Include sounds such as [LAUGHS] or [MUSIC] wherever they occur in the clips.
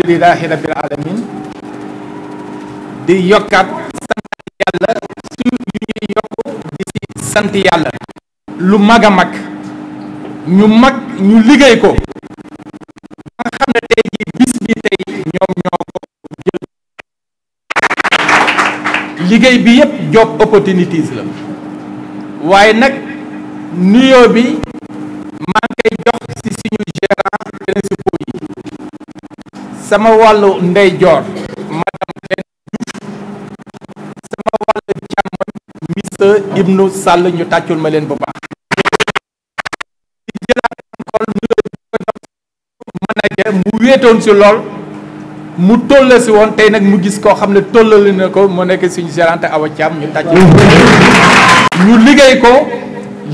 alhamdulilahi rabbil alamin a mag ñu mag liggéey ko ba bi liggéey bi yépp job opportunities la waaye nag nuyoo bi maa ngi jox ci suñu gérant sama wàllu ndeyjoor madame Lène Diouf sama wàllu càmmoñ Ibnu Sall ñu tàccul ma leen bu baax di mu wéetoon si lool mu tolla si woon tey nag mu gis koo xam ne tollali na ko mu nekk suñu gérante Awa Thiam ñu tàccul ñu liggéey ko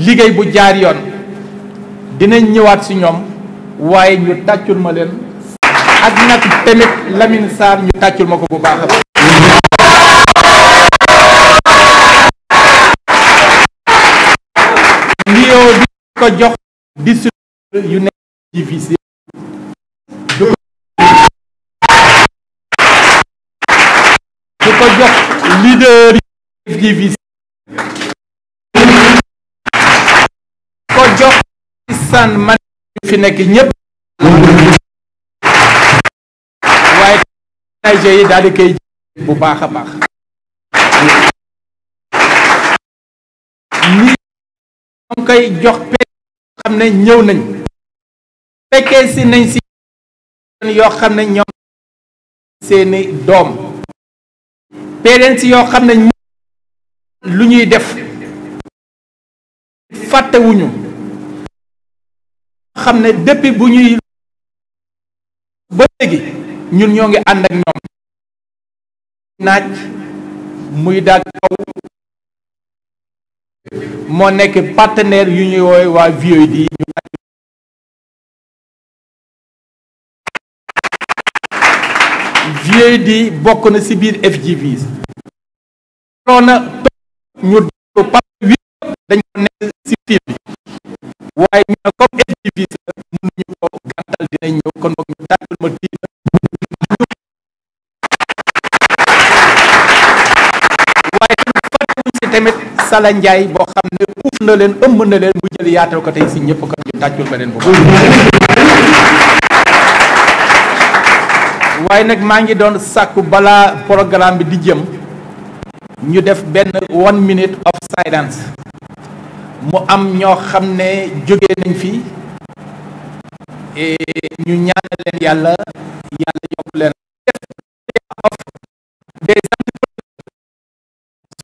liggéey bu jaar yoon dina ñëwaat si ñoom waaye ñu tàccul ma leen ak nag tamit Lamine Sarr ñu tàccul ma ko bu baax a bi ko jox district yu nekk difficile du ko jox leader yu difficile ko jox san man fi nekk ñëpp projet yi daal di koy bu baax a baax ñi ñoo koy jox pek xam ne ñëw nañ fekkee si nañ si yoo xam ne ñoom seeni doom parents ci yoo xam ne lu ñuy def fàttewuñu xam ne depuis bu ñuy ba léegi ñun ñoo ngi ànd ak ñoom naaj muy daag kaw moo nekk partenaire yu ñuy woowee waa VOD di ñu VOD di bokk na ci biir FGV loona ñu parce que huit dañ ñu ne ma tiit Sala Ndiaye boo xam ne uuf na leen ëmb na leen mu jël yaatal ko tey si ñëpp kat ñu tàccul beneen bu baax. waaye nag maa ngi doon sàkku balaa programme bi di jëm ñu def benn one minute of silence mu am ñoo xam ne jóge nañ fi e ñu ñaanal leen yàlla yàlla yokk leen.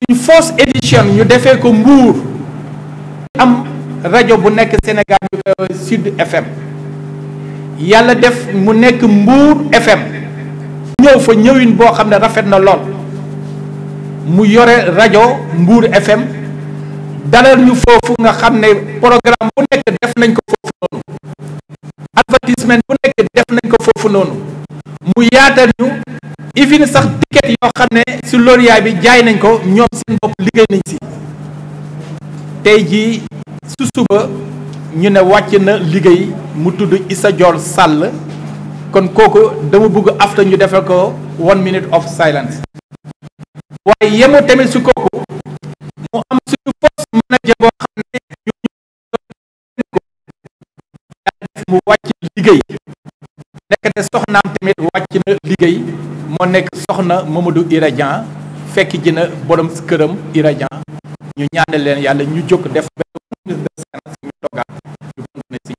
une fausse édition ñu defee ko Mbour am rajo bu nekk Sénégal ñu euh, Sud FM yàlla def mu nekk mbuur FM ñëw fa ñëwin boo xam ne rafet na lool mu yore rajo Mbour FM dalal ñu foofu nga xam ne programme bu nekk def nañ ko foofu noonu advertisement bu nekk def nañ ko foofu noonu mu yaatal ñu ifine sax ticket yoo xam ne si loolu bi jaay nañ ko ñoom seen bopp liggéey nañ si tey jii su suba ñu ne wàcc na liggéey mu tudd Issa Dior sàll kon kooku dama bëgg afta ñu defal ko one minute of silence waaye yemu tamit si kooku mu am suñu force manager boo xam ne ñu mu wàcc liggéey nekk ne soxnaam tamit wàcc na liggéey moo nekk soxna Mamadou Iradian fekk ji na borom këram Iradian ñu ñaanal leen yàlla ñu jóg def benn de séance ñu toogaat ñu continuer si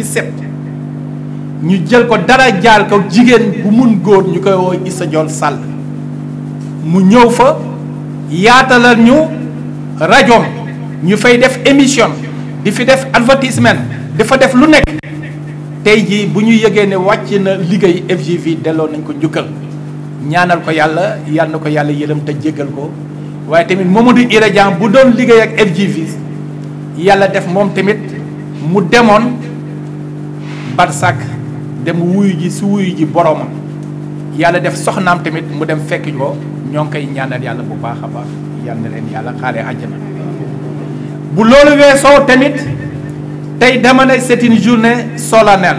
édition ñu jël ko dara jaal ko jigéen bu mun góor ñu koy woo sa Diol Sall mu ñëw fa yaatalal ñu rajoom ñu fay def émission di fi def advertisement dafa def lu nekk tey jii bu ñu yëgee ne wàcc na liggéey FGV delloo nañ ko njukkal ñaanal ko yàlla yal na ko yàlla yërëm te jéggal ko waaye tamit Mamadou Hira Dieng bu doon liggéey ak FGV yàlla def moom tamit mu demoon barsak dem wuyu ji su wuyu ji boroomam yàlla def soxnaam tamit mu dem fekki ko ñoo koy ñaanal yàlla bu baax a baax yal na leen yàlla xaaree àjjana bu loolu weesoo tamit tay dama ne c'est une journée solennelle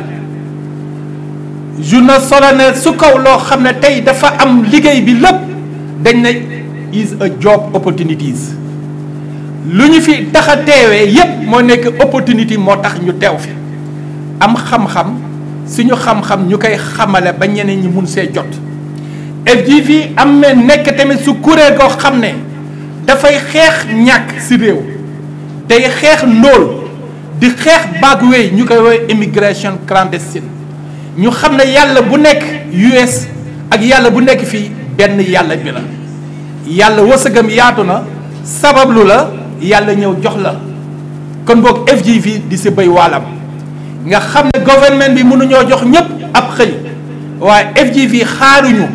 journée solennelle su kaw lo xam tay dafa am liguey bi lepp dañ ne is a job opportunities luñu fi taxa a yépp mo nekk opportunity moo tax ñu teew fi am xam-xam suñu xam-xam ñukay koy xamale ba ñeneen ñi mun see jot FGV am na nekk tamit su kuréel go xam da fay xeex ñak ci rew day xeex nol. di xeex baag wey ñu koy woy immigration clandestine ñu xam ne yàlla bu nekk US ak yàlla bu nekk fii benn yàlla bi la yàlla wasagam yaatu na sabablu la yàlla ñëw jox la kon boog FGV di si béy waalam nga xam ne gouvernement bi mënuñoo jox ñëpp ab xëy waaye FGV xaaruñu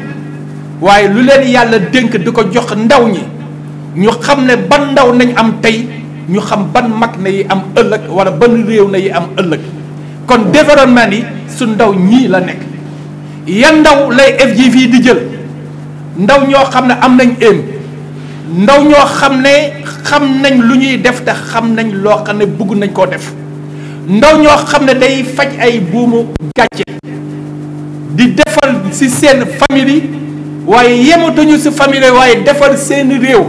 waaye lu leen yàlla dénk di ko jox ndaw ñi ñu xam ne ban ndaw nañ am tey ñu xam ban mag na yi am ëllëg wala ban réew na yi am ëllëg kon développement yi su ndaw ñii la nekk yan ndaw lay FGV di jël ndaw ñoo xam ne am nañ éem ndaw ñoo xam ne xam nañ lu ñuy def te xam nañ loo xam ne bëgg nañ koo def ndaw ñoo xam ne day faj ay buumu gàcce di defar ci seen famille yi waaye yematuñu ci famille waaye defar seen réew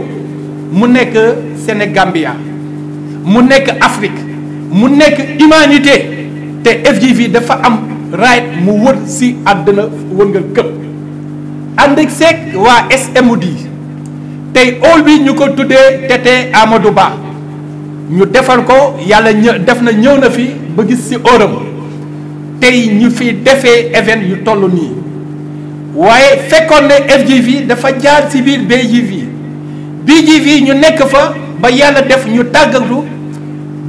mu nekk Sénégambia mu nekk Afrique mu nekk humanité te FGV dafa am right mu wër si àddina wëngal këpp ànd ak waa SMD tey óol bi ñu ko tuddee Tété Amadou Ba ñu defal ko yàlla ñë def na ñëw na fi ba gis ci óoram tey ñu fi defee event yu toll nii waaye fekkoon ne FGV dafa jaar ci biir BGV BGV ñu nekk fa ba yàlla def ñu tàggalu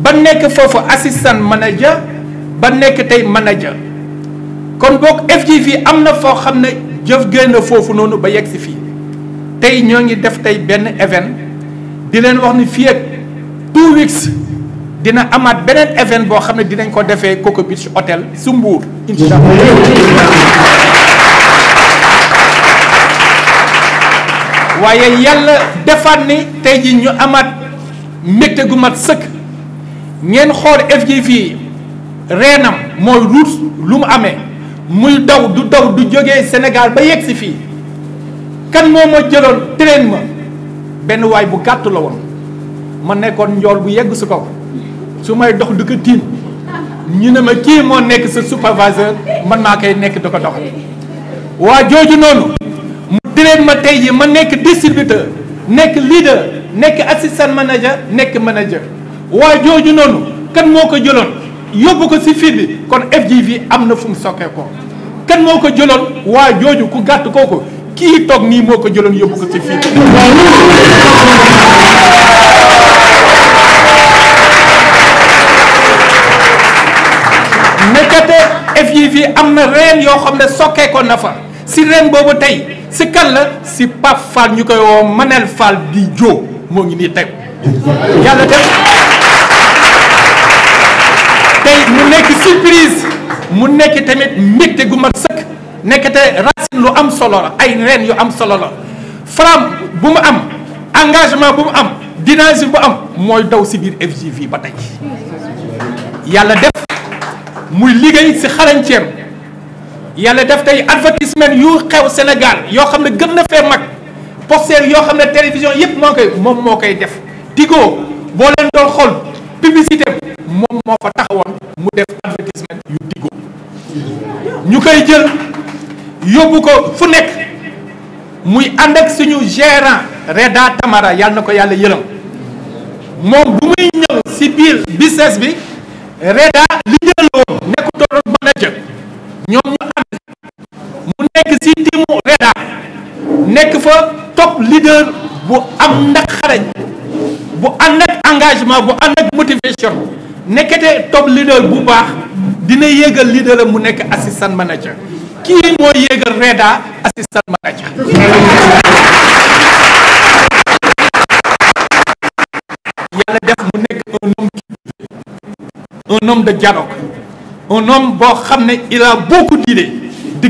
ba nekk foofu assistant manager ba nekk tey manager kon boog FGV am na foo xam ne jëf génn foofu noonu ba yegg si fii tey ñoo ngi def tey benn event di leen wax ni fii ak two weeks dina amaat beneen event boo xam ne dinañ ko defee Coco Beach Hotel su Mbour waaye yàlla defaat ni tey ñu amaat mbégte gu mat sëkk ngeen xool FGF fii reenam mooy route lu mu amee muy daw du daw du jógee Sénégal ba yegg si fii kan moo ma jëloon train ma benn waay bu gàtt la woon ma nekkoon njool bu yegg su kaw su may dox du ko tiim ñu ne ma kii moo nekk sa superviseur man maa koy nekk da ko doxal waa jooju noonu train ma tey ji ma nekk distributeur nekk leader nekk assistant manager nekk manager waa jooju noonu kan moo ko jëloon yóbbu ko si fii bi kon FGV am na fum mu sokkee ko kan moo ko jëloon waa jooju ku gàtt kooku kii toog nii moo ko jëloon yóbbu ko si fii bi nekkate FGV am na reen yoo xam ne sokkee ko na fa si reen boobu tey si kan la si Pape Fall ñu koy woo Manel Fall di Diop moo ngi nii teg yàlla def tey mu nekk surprise mu nekk tamit mbégte gu mat sëkk nekk te lu am solo la ay reen yu am solo la Fra bu mu am engagement bu mu am dynamisme bu am mooy daw si biir FGV ba tey yàlla def muy liggéey si xarañteem yàlla def tey advertisement yu xew Sénégal yoo xam ne gën na fee mag poster yoo xam ne télévision yëpp moo koy moom moo koy def Tigo boo leen doon xool publicité moom moo fa taxawoon mu def advertisement yu Tigo ñu koy jël yóbbu ko fu nekk muy ànd ak suñu gérant Reda Tamara yàlla na ko yàlla yëlam moom bu muy ñëw si biir business bi Reda li jëloon nekkutoon manager ñoom ñu ànd mu nekk si timu Reda nekk fa bopp leader bu am ndak xarañ bu ànd ak engagement bu ànd ak motivation nekkete top leader bu baax dina yéegal leader la mu nekk assistant manager kii mooy yéegal reda assistant manager yàlla def mu nekk un homme de dialogue un homme boo xam ne il a beaucoup d'idées di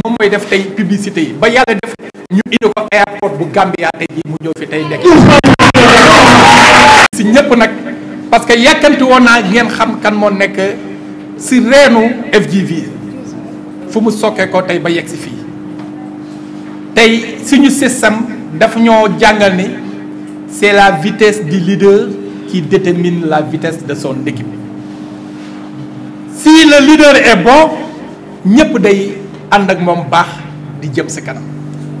moy def tay publicité ba yalla def ñu indi ko airport bu Gambia tay ji mu ñëw fi tay nek si ñëpp nak parce que yàkkanti wona naa ngeen xam kan mo nek si reenu FGV fu mu sokkee ko tay ba yexi fi tay suñu système daf ñoo jangal ni c'est la vitesse du leader qui détermine la vitesse de son équipe si le leader est bon ñëpp day ànd ak moom baax di jëm si kanam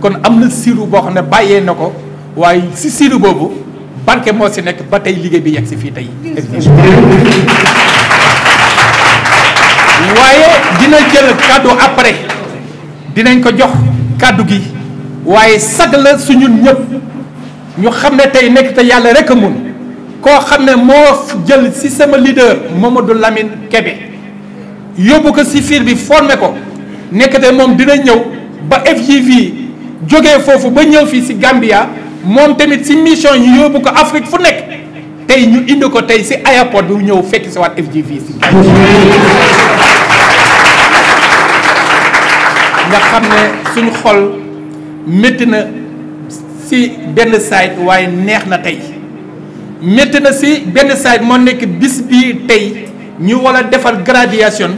kon am na siiru boo xam ne bàyyee na ko waaye si siiru boobu barke moo si nekk ba tey liggéey bi yegg si fii tey waaye dina jël kàddu après dinañ ko jox kàddu gi waaye sag la suñu ñëpp ñu xam ne tey nekk te yàlla rek a mun koo xam ne moo jël si sama leader Mamadou Lamine Kébé yóbbu ko si fiir bi formé ko nekkate moom dina ñëw ba FGV jóge foofu ba ñëw fii si Gambia moom tamit si mission yi yóbbu ko Afrique fu nekk tey ñu indi ko tey si aéroport bu ñëw fekk si waat FGV nga xam ne suñu xol metti na si benn side waaye neex na tey metti na si benn side moo nekk bis bii tey ñu war a defal graduation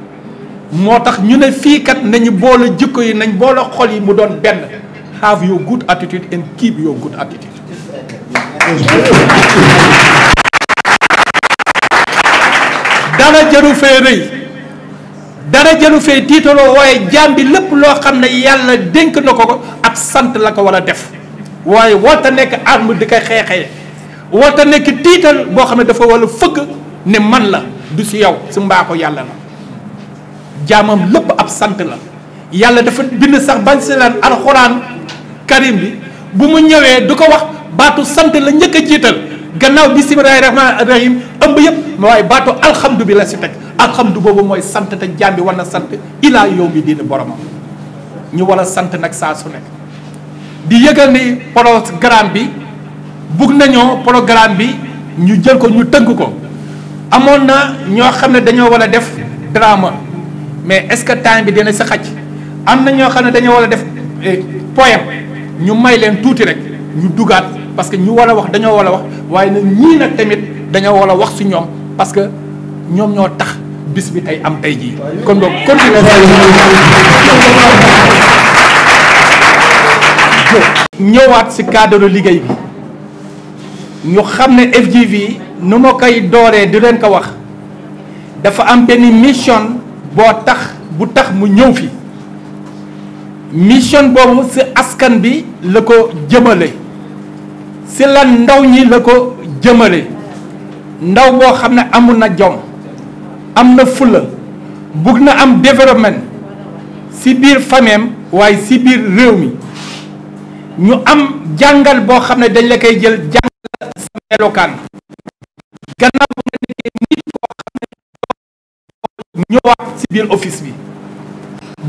moo tax ñu ne fii kat nañu boole jikko yi nañ boole xol yi mu doon benn have your good attitude and keep your good attitude. dara jëru fee rëy dara jëru fee tiitaloo waaye jaam bi lépp loo xam ne yàlla dénk na ko ko ab sant la ko war a def waaye warta nekk arme di koy xeexee warta nekk tiital boo xam ne dafa war a ne man la du si yow su mbaaxu yàlla la. jaamam lépp ab sant la yàlla dafa bind sax bañ si leen alxuraan karim bi bu mu ñëwee du ko wax baatu sant la njëkk jiital gannaaw bismillahi rahmaani rahim ëmb yëpp ma waaye baatu alxamdu bi la si teg alxamdu boobu mooy sant te jaam bi war na sant ilaa yow mi diini boromam ñu war a sant nag saa su nekk di yëgal ni programme bi bugg nañoo programme bi ñu jël ko ñu tënk ko amoon na ñoo xam ne dañoo war a def drama mais est-ce que temps bi dina si xaj am na ñoo xam ne dañoo war a def eh, poème ñu may leen tuuti rek ñu dugaat parce que ñu war a wax dañoo war a wax waaye nag ñii nag tamit dañoo war a wax si ñoom parce que ñoom ñoo tax bis bi tey am tey jii. kon donc continué ñëwaat si cadre liggéey bi ñu xam ne FGV nu ma koy dooree di leen ko wax dafa am benn mission. boo tax bu tax mu ñëw fi mission boobu ci askan bi la ko jëmale ci la ndaw ñi la ko jëmale ndaw boo xam ne amul na jom am na fulla bugg na am développement ci biir fameem waaye ci biir réew mi ñu am jàngal boo xam ne dañ la koy jël jàngal sa melokaan gannaaw ñëwaat ci biir office bi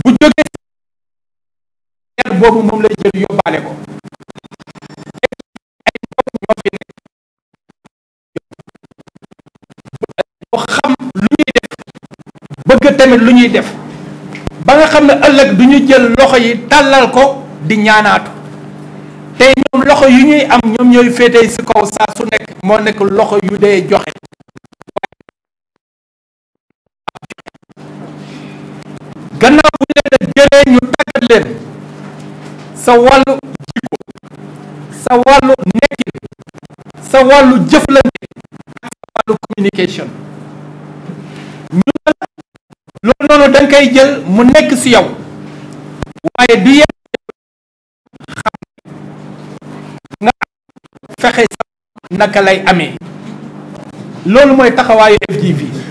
bu jógee maire boobu moom lay jël yóbbaale ko bu xam lu ñuy def bëgg tamit lu ñuy def ba nga xam ne ëllëg du ñu jël loxo yi tàllal ko di ñaanaatu tey ñoom loxo yu ñuy am ñoom ñooy féetee ci kaw saa su nekk moo nekk loxo yu dee joxe gannaaw bu ñu leen jëree ñu tàggat leen sa wàllu jikko sa wàllu nekkin sa wàllu jëflante ak sa wàllu communication ñu ne loolu noonu da koy jël mu nekk ci yow waaye du yem xam nga fexe sax naka lay amee loolu mooy taxawaayu FGV.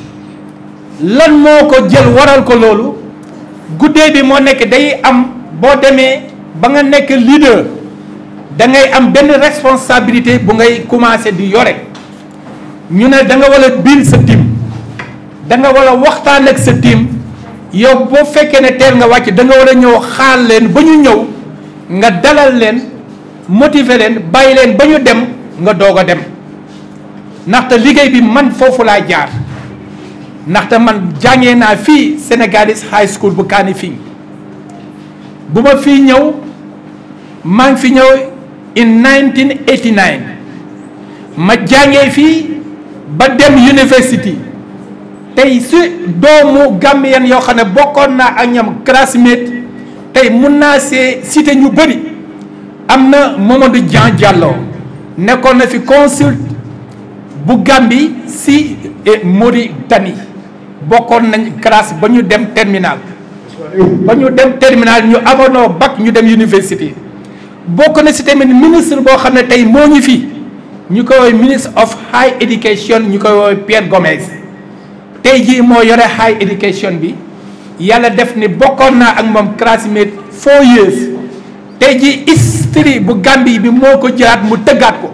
lan moo ko jël waral ko loolu guddee bi moo nekk day am boo demee ba nga nekk leader da ngay am benn responsabilité bu ngay commencé di yore ñu ne danga war a biir sa team danga war a waxtaan ak sa team yow boo fekkee ne teel nga wàcc da nga war a ñëw xaal leen ba ñu ñëw nga dalal leen motiver leen bàyyi leen ba ñu dem nga doog a dem ndaxte liggéey bi man foofu laa jaar. ndaxte man jànge naa fii Sénégalais high school bu Kanifing bu ma fii ñëw maa fi ñëw in 1989 ma jàngee fii ba dem university tey si doomu Gambien yoo xam ne bokkoon naa ak ñoom classmate tey mun naa see cité ñu bari am na Mamadou Dieng Diallo nekkoon na fi consul bu Gambie si eh, Mauritanie bokkoon nañ classe ba ñu dem terminal ba ñu dem terminal ñu abono bac ñu dem université bokk na si tamit ministre boo xam ne tey moo ngi fi ñu koy woowee ministre of high education ñu koy woowee Pierre Gomez tey jii moo yore high education bi yàlla def ni bokkoon naa ak moom classmate four years tey jii history bu Gambie bi moo ko jëlaat mu tëggaat ko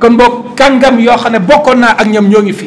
kon boo kàngam yoo xam ne bokkoon naa ak ñoom ñoo ngi fi.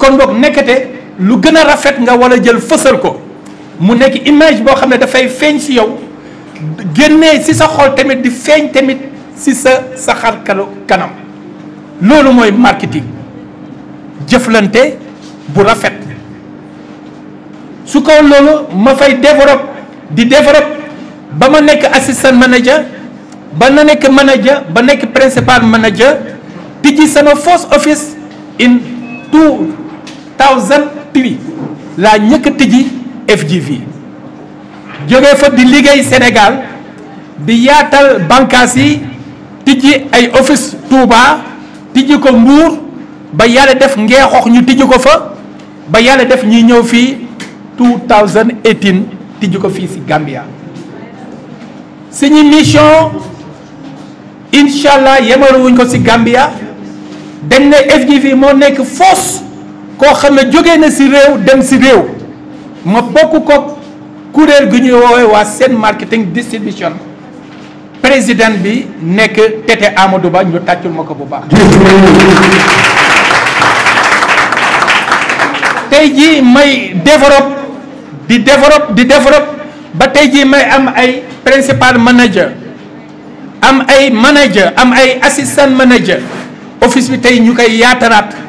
kon boog nekkate lu gën a rafet nga war a jël fësal ko mu nekk image boo xam ne dafay feeñ si yow génnee si sa xol tamit di feeñ tamit si sa sa kanam loolu mooy marketing jëflante bu rafet su ko loolu ma fay développe di développe ba ma nekk assistant manager ba na nekk manager ba nekk principal manager tijji sama first office in tout 2003 laa ñëkk a tijji FGV jógee fa di liggéey Sénégal di yaatal bànqaas yi tijji ay office Touba tijji ko mbuur ba yàlla def ngeexoox ñu tijji ko fa ba yàlla def ñuy ñëw fii 2018 tijji ko fii si Gambia suñu mission incha allah yemalewuñ ko si Gambia dañ ne FGV moo nekk force koo xam ne jógee na si réew dem si réew ma bokk ko kuréel gi ñuy woowee waa seen marketing distribution président bi nekk Tete Amadou Ba ñu tàccul ma ko bu baax. tey jii may développe di développe di développe ba tey jii may am ay principal manager am ay manager am ay assistant manager office bi tey ñu koy yaataraat.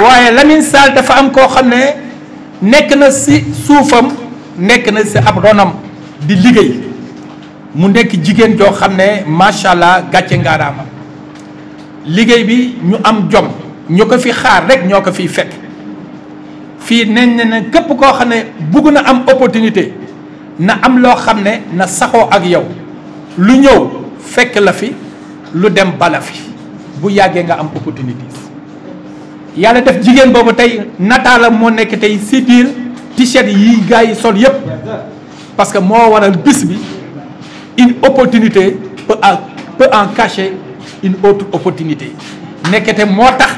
waaye Lamine Sall dafa am koo xam ne nekk na si suufam nekk na si ab ronam di liggéey mu nekk jigéen joo xam ne macha allah gàcce ngaaraama liggéey bi ñu am jom ñu ko fi xaar rek ñoo ko fiy fekk fii neñ ne ne képp koo xam ne bugg na am opportunité na am loo xam ne na saxoo ak yow lu ñëw fekk la fi lu dem bala fi bu yàggee nga am opportunité yàlla def jigéen boobu tey nataalam moo nekk tey si biir t-shirt yi gars yi sol yëpp parce que moo waral bis bi une opportunité peut en peut en cacher une opportunité nekkete moo tax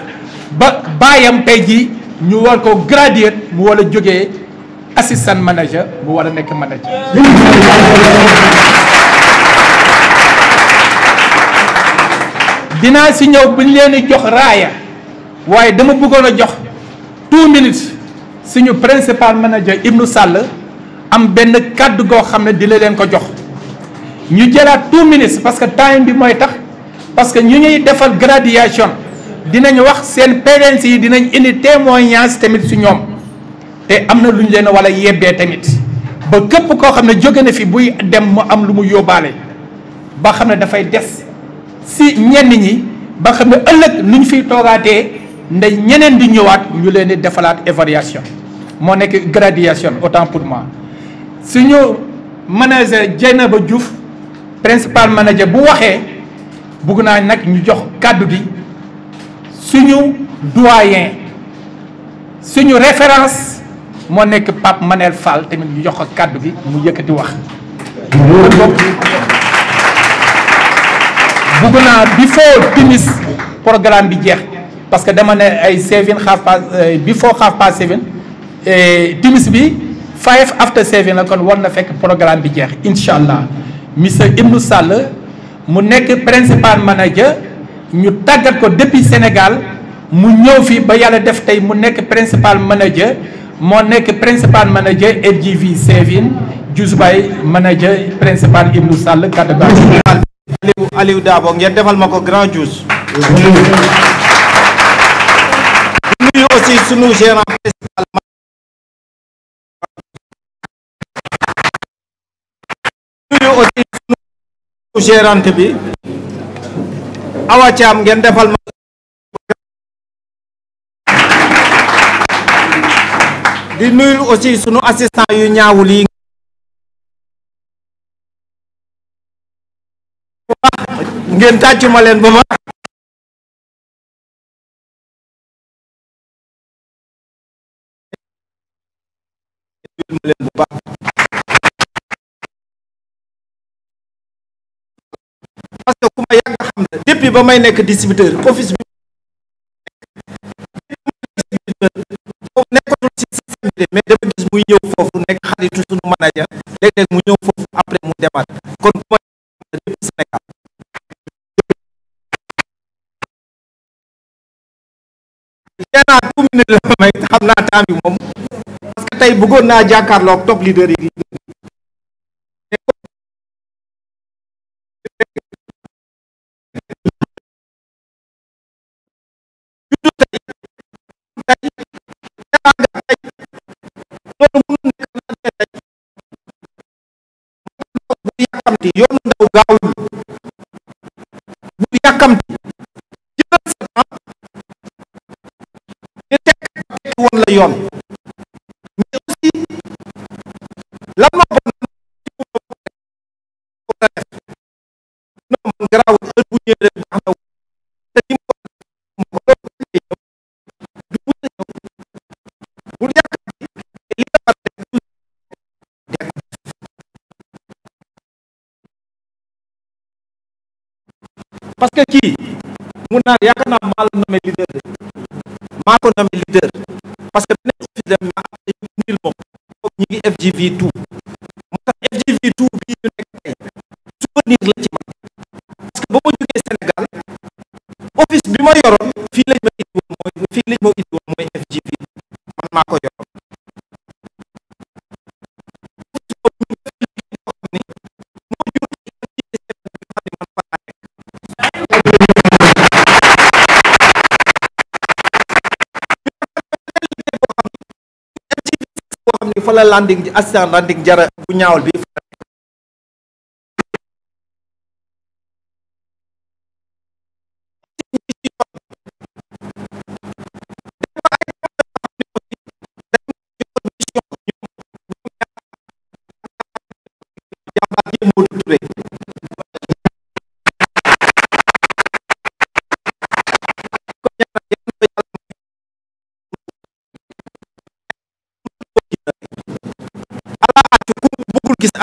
ba baayam tey jii ñu war ko graduer mu war a jógee assistant manager mu war a nekk manager dinaa si ñëw bu ñu leen jox raaya waaye dama bëggoon a jox two minutes suñu principal manager Ibnu Sall am benn kàddu goo xam ne di leen ko jox ñu jëlaat two minutes parce que time bi mooy tax parce que ñu ñuy defal graduation ñu wax seen parents yi dinañ indi témoignage tamit su ñoom te am na lu ñu leen wala yebbee tamit ba képp koo xam ne jóge na fi buy dem mu am lu mu yóbbaale ba xam ne dafay des si ñenn ñi ba xam ne ëllëg lu ñu fi toogaatee ndey ñeneen di ñëwaat ñu leen di defalaat évaluation moo nekk graduation autant pour moi suñu manager Dieynaba Diouf principal manager bu waxee bugg naa nag ñu jox kàddu gi suñu doyen suñu référence moo nekk Pape Manel Fall tamit ñu jox ko kàddu gi mu yëkkati wax bugg naa before timis programme bi jeex parce que dama ne ay seven half past euh, before half past seven euh, timis bi five after seven la kon war na fekk programme bi jeex incha allah monsieur Ibnou Sall mu nekk principal manager ñu tàggat ko depuis Sénégal mu ñëw fi ba yàlla def tey mu nekk principal manager moo nekk principal manager FGV seven Diouzbay manager principal Ibnou Sall kaddu Aliou Aliou Dabo ngeen defal ma ko grand Diouz nuyu aussi sunu gérante bi Awa Thiam ngeen defal ma di nuyu aussi sunu assistant yu ñaawul yi ngeen tàccu ma leen ba ma leen bu ku ma yàgg xam ne depuis ba may nekk distributeur office bi nekkatul ci système bi mais dama gis muy ñëw foofu nekk xaritu suñu manager léeg-léeg mu ñëw foofu après mu demaat kon ku ma depuis Sénégal nee naa commune la may xam naa temps moom tey bëggoon naa jàkkaarloog top leader yi. yoonu ndaw gaaw parce que kii mun naa yaakaar naa maa la nommé leader de maa ko nommé leader parce que beneen office de ma ay mil moom ngi FGV tout moo tax FGV tout bii ñu nekk tey souvenir la ci man parce ba ma jógee Sénégal office bi ma yoroon fii lañ ma indi woon fii lañ ma indi woon mooy FGV man maa ko yor fa la landing ak landing jara bu ñaawal bi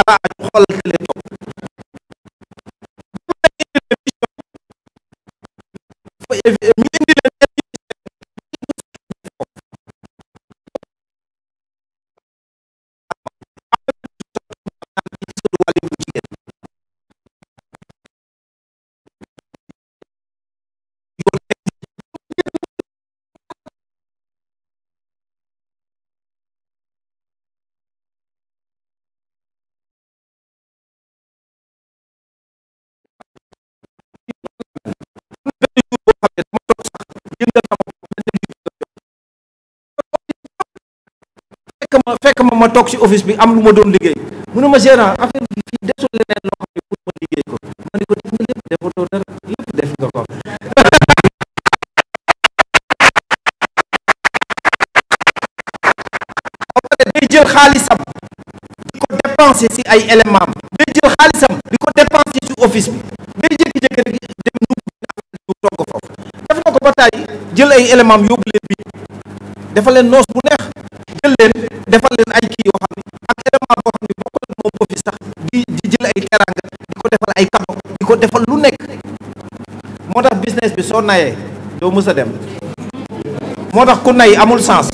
Ah, ma fekk ma ma toog ci office bi am lu ma doon liggéey mu ne ma gérant affaire ma def na ko ba jël ay éléments yóbbu leen bi dafa leen noos bu neex jël defal leen ay kii yoo xam ne ak élément boo xam ne bokk na moom moo fi sax di di jël ay teraanga di ko defal ay kado di ko defal lu nekk moo tax business bi soo nayee doo mës a dem moo tax ku nay amul sens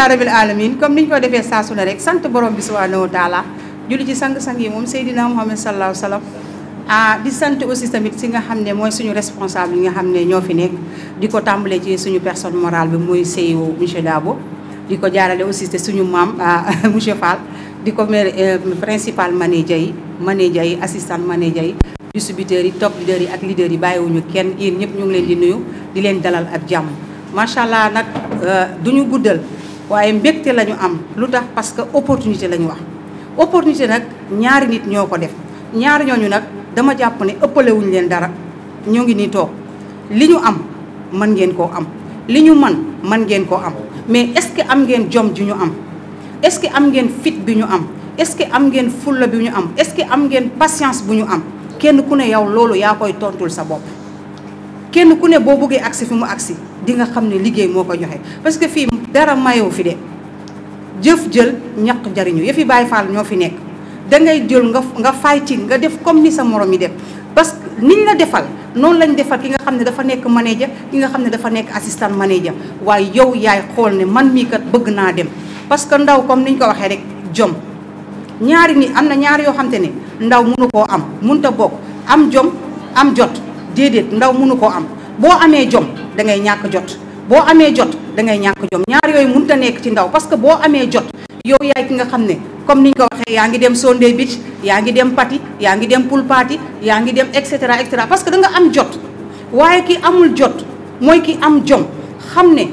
alhamdulilah rabil alamin comme niñ ko defee saa su rek sant borom bi subhanahu wa taala julli ci sang-sang yi moom Seydina Muhammad sallallahu alayhi ah, di sant aussi tamit si nga xam ne mooy suñu responsable yi nga xam ne ñoo fi nekk di ko tàmbalee ci suñu personne morale bi muy CEO monsieur Dabo di ko jaarale aussi te suñu maam ah, [LAUGHS] monsieur Fall di ko euh, principal manager yi manager yi assistant manager yi distributeurs yi top leaders yi ak leaders yi bàyyiwuñu kenn yéen ñëpp ñu ngi leen di nuyu di leen dalal ak jàmm macha allah nag euh, duñu guddal waaye mbégte la ñu am lu tax parce que opportunité la ñu wax opportunité nag ñaari nit ñoo ko def ñaari ñooñu nag dama jàpp ne ëppalewuñ leen dara ñoo ngi nii toog li ñu am mën ngeen koo am li ñu man mën ngeen koo am mais est-ce que am ngeen jom ju ñu am est-ce que am ngeen fit bi ñu am est-ce que am ngeen fulla bi ñu am est-ce que am ngeen patience bu ñu am kenn ku ne yow loolu yaa koy tontul sa bopp kenn ku ne boo bëggee agsi fi mu agsi di nga xam ne liggéey moo ko joxee parce que fii dara mayoo fi de jëf jël ñaq jariñu yëfi Baay Faal ñoo fi nekk dangay jël nga nga fay ci nga def comme ni sa morom yi def parce que ni ñu la defal noonu lañ defal ki nga xam ne dafa nekk manager ki nga xam ne dafa nekk assistant manager waaye yow yaay xool ne man mii kat bëgg naa dem parce que ndaw comme ñu ko waxee rek jom ñaari ni am na ñaari yoo xam te ne ndaw mënu koo am mënut a bokk am jom am jot déedéet ndaw mënu koo am boo amee jom da ngay ñàkk jot boo amee jot da ngay ñàkk jom ñaar yooyu mënut a nekk ci ndaw parce que boo amee jot yow yaay ki nga xam ne comme niñ ko waxee yaa ngi dem Sunday Beach yaa ngi dem Pati yaa ngi dem pool party yaa ngi dem et cetera et cetera que da nga am jot waaye ki amul jot mooy ki am jom xam ne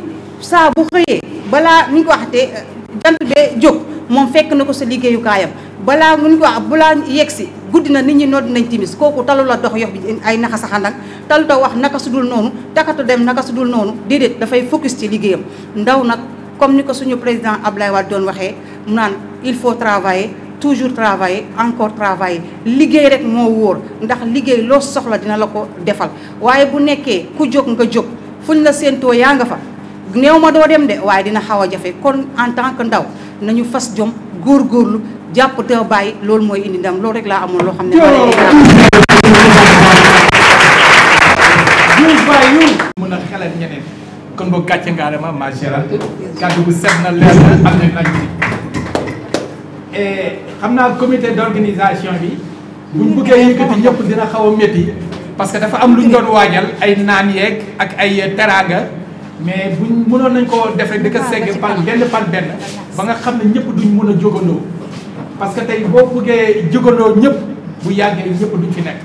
saa bu xëyee balaa ni ñu ko waxatee euh, jant bee jóg moom fekk na ko sa liggéeyukaayam balaa mun ko balaa yegg si guddi na nit ñi nodd nañ timis kooku talu la dox yox bi ay naxa saxandak talu ta wax naka su dul noonu takatu dem naka su noonu déedéet dafay focus ci liggéeyam ndaw nag comme ni ko suñu président Abdoulaye Wade doon waxee naan il faut travailler toujours travailler encore travailler liggéey rek moo wóor ndax liggéey loo soxla dina la ko defal waaye bu nekkee ku jóg nga jóg fuñ la séentoo yaa nga fa néew ma doo dem de waaye dina xaw a jafe kon en que ndaw nañu fas jom góorgóorlu japp te bay lool moy indi ndam lool rek laa amoon loo xam ne mën a xelal ñeneen kon boog gàcce ngaarama ma géral kàddu bu set na leer na am na et pas naa comité d'organisation bi buñ bëggee yëkkati ñëpp dina parce que dafa am luñ doon ay naan ak ay mais buñ mënoon nañ koo def rek di ko segg par benn par benn ba nga xam ne ñëpp duñ mën a jógandoo parce que tey boo bëggee jógandoo ñëpp bu yàggee ñëpp duñ ci nekk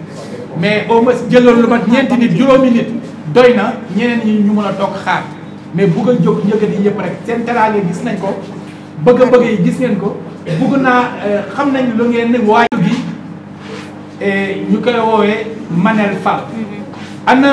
mais au moins jëloon lu mat ñeenti nit juróomi nit doy na ñeneen ñi ñu mën a toog xaar mais bugg a jóg njëkkat yi yëpp rek seen teraange gis nañ ko bëgg a bëgg yi gis ngeen ko bugg naa euh, xam nañ lu ngeen ne waaju gi ñu koy woowee Manel Fall mm-hmm. ana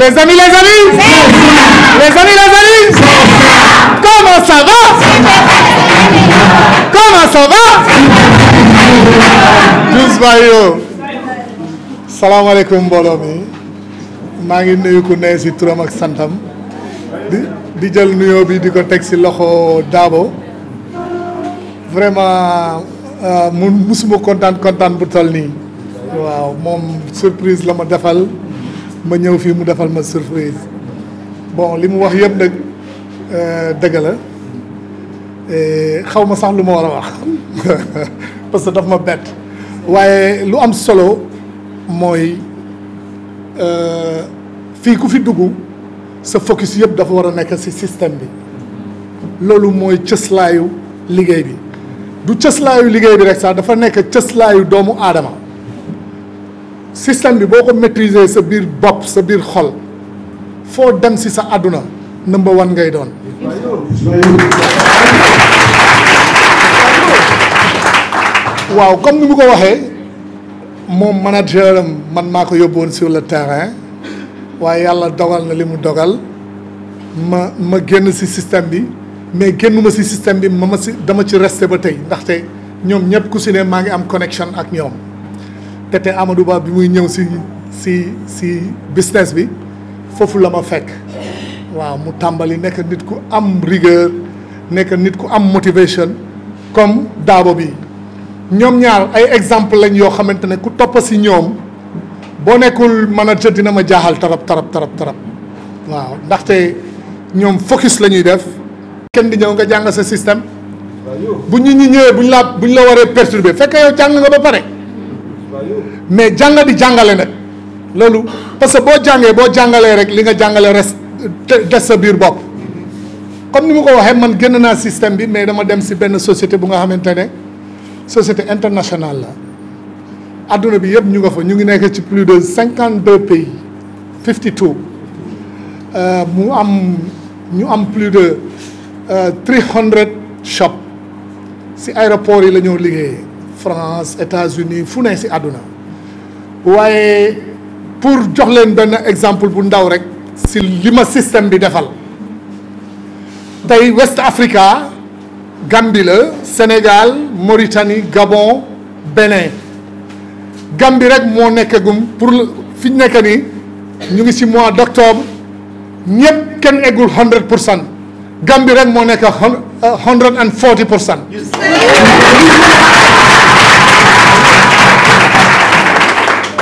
Les amis, les amis Les amis, les amis Comment ça va Comment ça va Jus Bayo salaamaaleykum mbooloo mi maa ngi nuyu ku ne si turam ak santam di di jël nuyoo bi di ko teg si loxo Dabo vraiment euh, mu musuma kontaan kontaan bu toll nii waaw moom surprise la ma defal ma ñëw fii mu defal ma surprise bon li mu wax yëpp nag dëgg la xaw ma sax lu ma war a wax parce que daf ma bett waaye lu am solo mooy fii ku fi dugg sa focus yëpp dafa war a nekk ci système bi loolu mooy cëslaayu liggéey bi du cëslaayu liggéey bi rek sax dafa nekk cëslaayu doomu aadama système bi boko maîtriser sa bir bop sa bir xol fo dem ci sa aduna number one ngay don waaw comme nimu ko waxe mom manager man mako yobone sur le terrain wa yalla dogal na limu dogal ma ma genn ci système bi mais gennuma ci système bi ma ma si dama ci rester ba ndax tay ñom ñep ku si ne ma ngi am connection ak ñom tete Amadou Ba bi muy ñew si si si business bi fofu la ma fekk waaw mu tambali nek nit ku am rigueur nek nit ku am motivation comme dabo bi ñom ñaar ay exemple lañ yo xamantene ku top si ñom bo nekul manager dina ma jaaxal tarap tarap tarap tarap waaw ndaxte ñom focus lañuy def kenn di ñew nga jang sa système bu ñu ñi ñëwee buñ la buñ la waré perturber fekk yow jang nga ba pare mais jangal di jangalé nak loolu parce que bo jangé bo jangalé rek li nga jangalé res des sa bir bop comme ni mako ko man genn na système bi mais dama dem ci ben société bu nga xamante société internationale la àdduna bi yëpp ñu nga fa ñu ngi nekk ci plus de 52 pays 52 euh, mu am ñu am plus de 300 euh, shop si aéroport yi la ñoo liggéeyee France États-Unis fu et si pour donner un exemple bu ndaw rek si système de defal West Africa Gambie Sénégal Mauritanie Gabon Bénin Gambie rek pour finir, nous nekk ici mois d'octobre, octobre ken 100 Gambie 140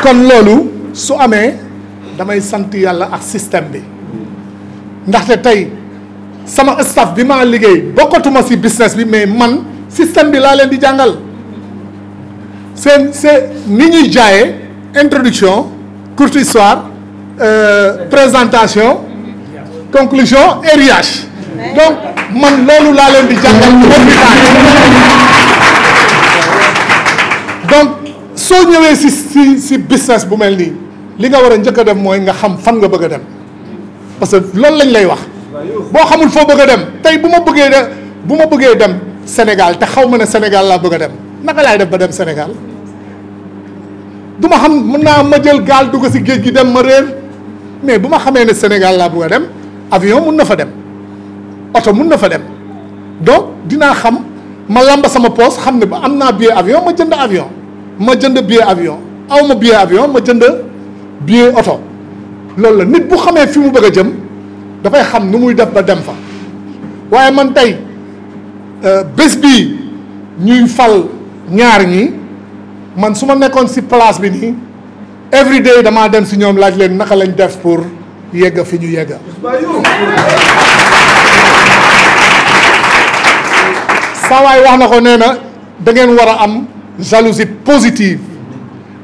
kon loolu su amee damay sant yàlla ak système bi ndaxte tey sama staff bi maa liggéey bokkatuma ci business bi mais man système bi laa leen di jàngal seen seen ni ñuy introduction courte histoire euh, présentation conclusion et riage donc man loolu laa leen di jàngal donc soo ñëwee si si si business bu mel nii li nga war a njëkk a dem mooy nga xam fan nga bëgg a dem parce que loolu lañ lay wax boo xamul foo bëgg a dem tey bu ma bëggee de bu ma bëggee dem Sénégal te xaw ma ne Sénégal laa bëgg a dem naka laay def ba dem Sénégal du ma xam mën naa ma jël gaal dugg ci géej gi dem ma réer mais bu ma xamee ne Sénégal laa bëgg a dem avion mun na fa dem oto mun na fa dem donc dinaa xam ma làmba sama poos xam ne ba am naa billet avion ma jënd avion. ma jënd billet avion aw ma billet avion ma jënd billet auto lool la nit bu xamé fi mu bëgg jëm da fay xam nu muy def ba dem fa waye man euh bës bi ñuy fal ñaar ñi man suma nekkon ci place bi ni every day dama dem ci ñom laaj leen naka lañ def pour yegg fi ñu yegg way wax na ko neena da ngeen wara am jalousie positive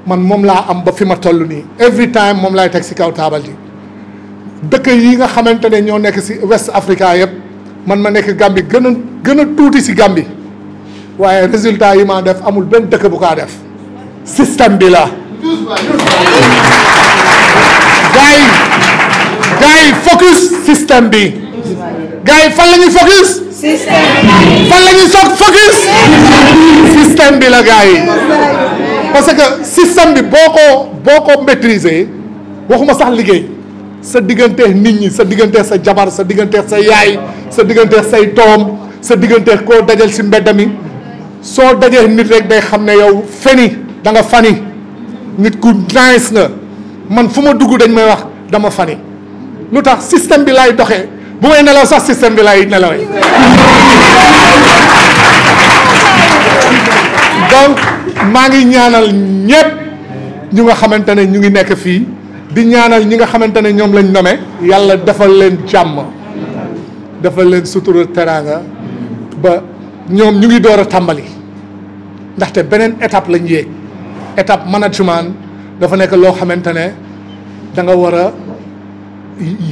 man moom laa am ba fi ma toll nii every time moom laay teg si kaw taabal ji dëkk yi nga xamante ne ñoo nekk si West Africa yëpp man ma nekk Gambie gën a gën a tuuti si Gambie waaye résultat yi ma def amul benn dëkk bu kaa def système bi la gars yi gars focus système bi gars yi fan focus fan la ñuy soog focus système bi la gars parce que système bi boo ko boo ko maîtriser waxuma sax liggéey sa digganteex nit ñi sa digganteex sa jabar sa digganteex sa yaay sa digganteex say toom sa digganteex koo dajal si mbedd soo dajee nit rek day xam ne yow feni da nga fani nit ku nice nga man fu ma dugg dañ may wax dama fani lu tax système bi lay doxee bu ngeen nelaw sax système bi laay nelawee donc ma ngi ñaanal ñepp ñu nga xamantene ñu ngi nekk fi di ñaanal ñi nga xamantene ñom lañ nomé yalla defal leen jàmm defal leen suturu teranga ba ñom ñu ngi doora tambali ndax ndaxte benen étape lañ yé étape management dafa nek lo xamantene da nga wara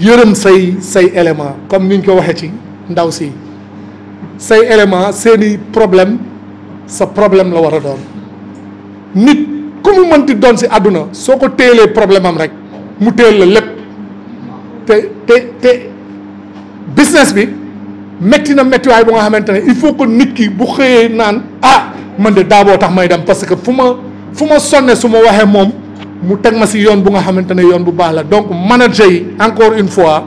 yërëm say say élément comme niñ ko waxee ci ndaw si say élément seeni problème sa problème la war a doon nit ku mu mënti doon si àdduna soo ko téelee problème am rek mu téel la lépp te te te business bi métti na méttiwaay bu nga xamante ne il faut que nit ki bu xëyee naan ah man de daaboo tax may dem parce que fu ma fu ma sonne su ma waxee moom mu tek ma si yoon bu nga xamantene yoon bu baax la donc manager yi encore une fois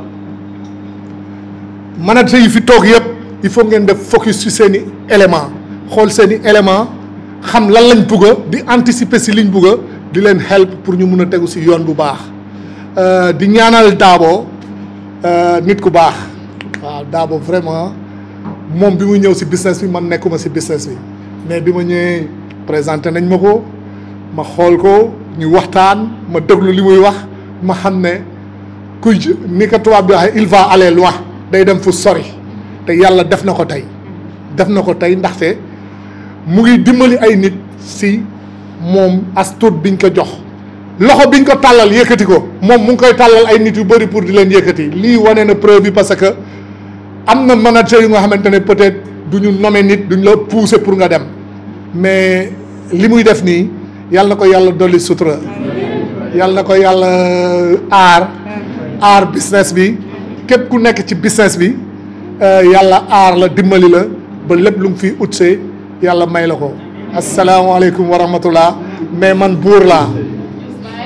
manager yi fi tok yeb il faut ngeen def focus ci seen element xol xool element xam lan lañ bugg di anticiper ci liñ bugg di leen help pour ñu mëna teggu ci si yoon bu baax euh, di ñaanal euh nit ku baax waaw dabo vraiment mom bi mu ñew si business bi man nekkuma ci business bi mais bi ma ñëwee nañ mako ma xol ko ñu waxtaan ma deglu li muy wax ma xamne ku ni ka tubaab bi wax il va aller loin day dem fu sori te yalla def nako tay def nako tay ndax te mu ngi dimbali ay nit si mom as biñ ko jox loxo biñ ko talal yëkkati ko mom mu ngi koy tàllal ay nit yu bari pour di leen yëkkati li na preuve bi parce que amna manager yu nga xamantene ne peut-être duñu nommer nit duñ la pousser pour nga dem mais limuy def ni yàlla na ko yàlla dolli sutura yàlla na ko yàlla uh, aar aar business bi képp ku nekk ci business bi uh, yàlla aar la dimbali la ba lépp lu mu fiy utsee yàlla may la ko asalaamaaleykum wa rahmatullah mais man buur laa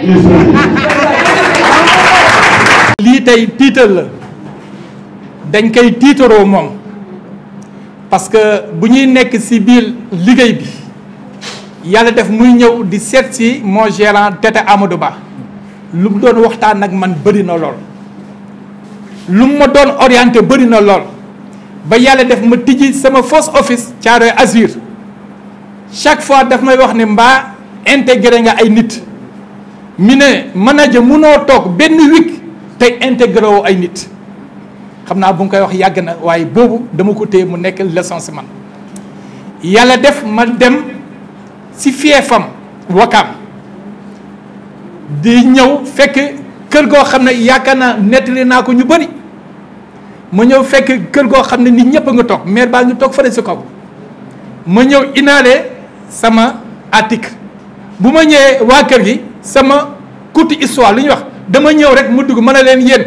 [LAUGHS] lii tey tiital la dañ koy tiitaroo moom parce que bu ñuy nekk ci biir liggéey bi yalla def muy ñew di seet ci mo gérant Tete Amadou Ba lu mu doon waxtaan nak man bëri na lool lu mu ma doon orienté bëri na lool ba yalla def ma tijji sama first office Thiaroye Azur chaque fois daf may wax ni mba intégré nga ay nit mi ne manager munoo toog benn week tey intégré ay nit xamna bu nga koy wax yag na waaye boobu dama ko téy mu nekk leçon si man yalla def ma dem si fiefam wakam di ñew fekk kër goo xam ne yaakaar naa nettali naa ko ñu bëri ma ñëw fekk kër goo xam ne nit ñëpp nga toog maire baa ñu toog fële si kaw ma ñëw inaale sama atik, bu ma ñëwee waa kër gi sama kuti histoire li ñu wax dama ñëw rek mu dugg ma ne leen yéen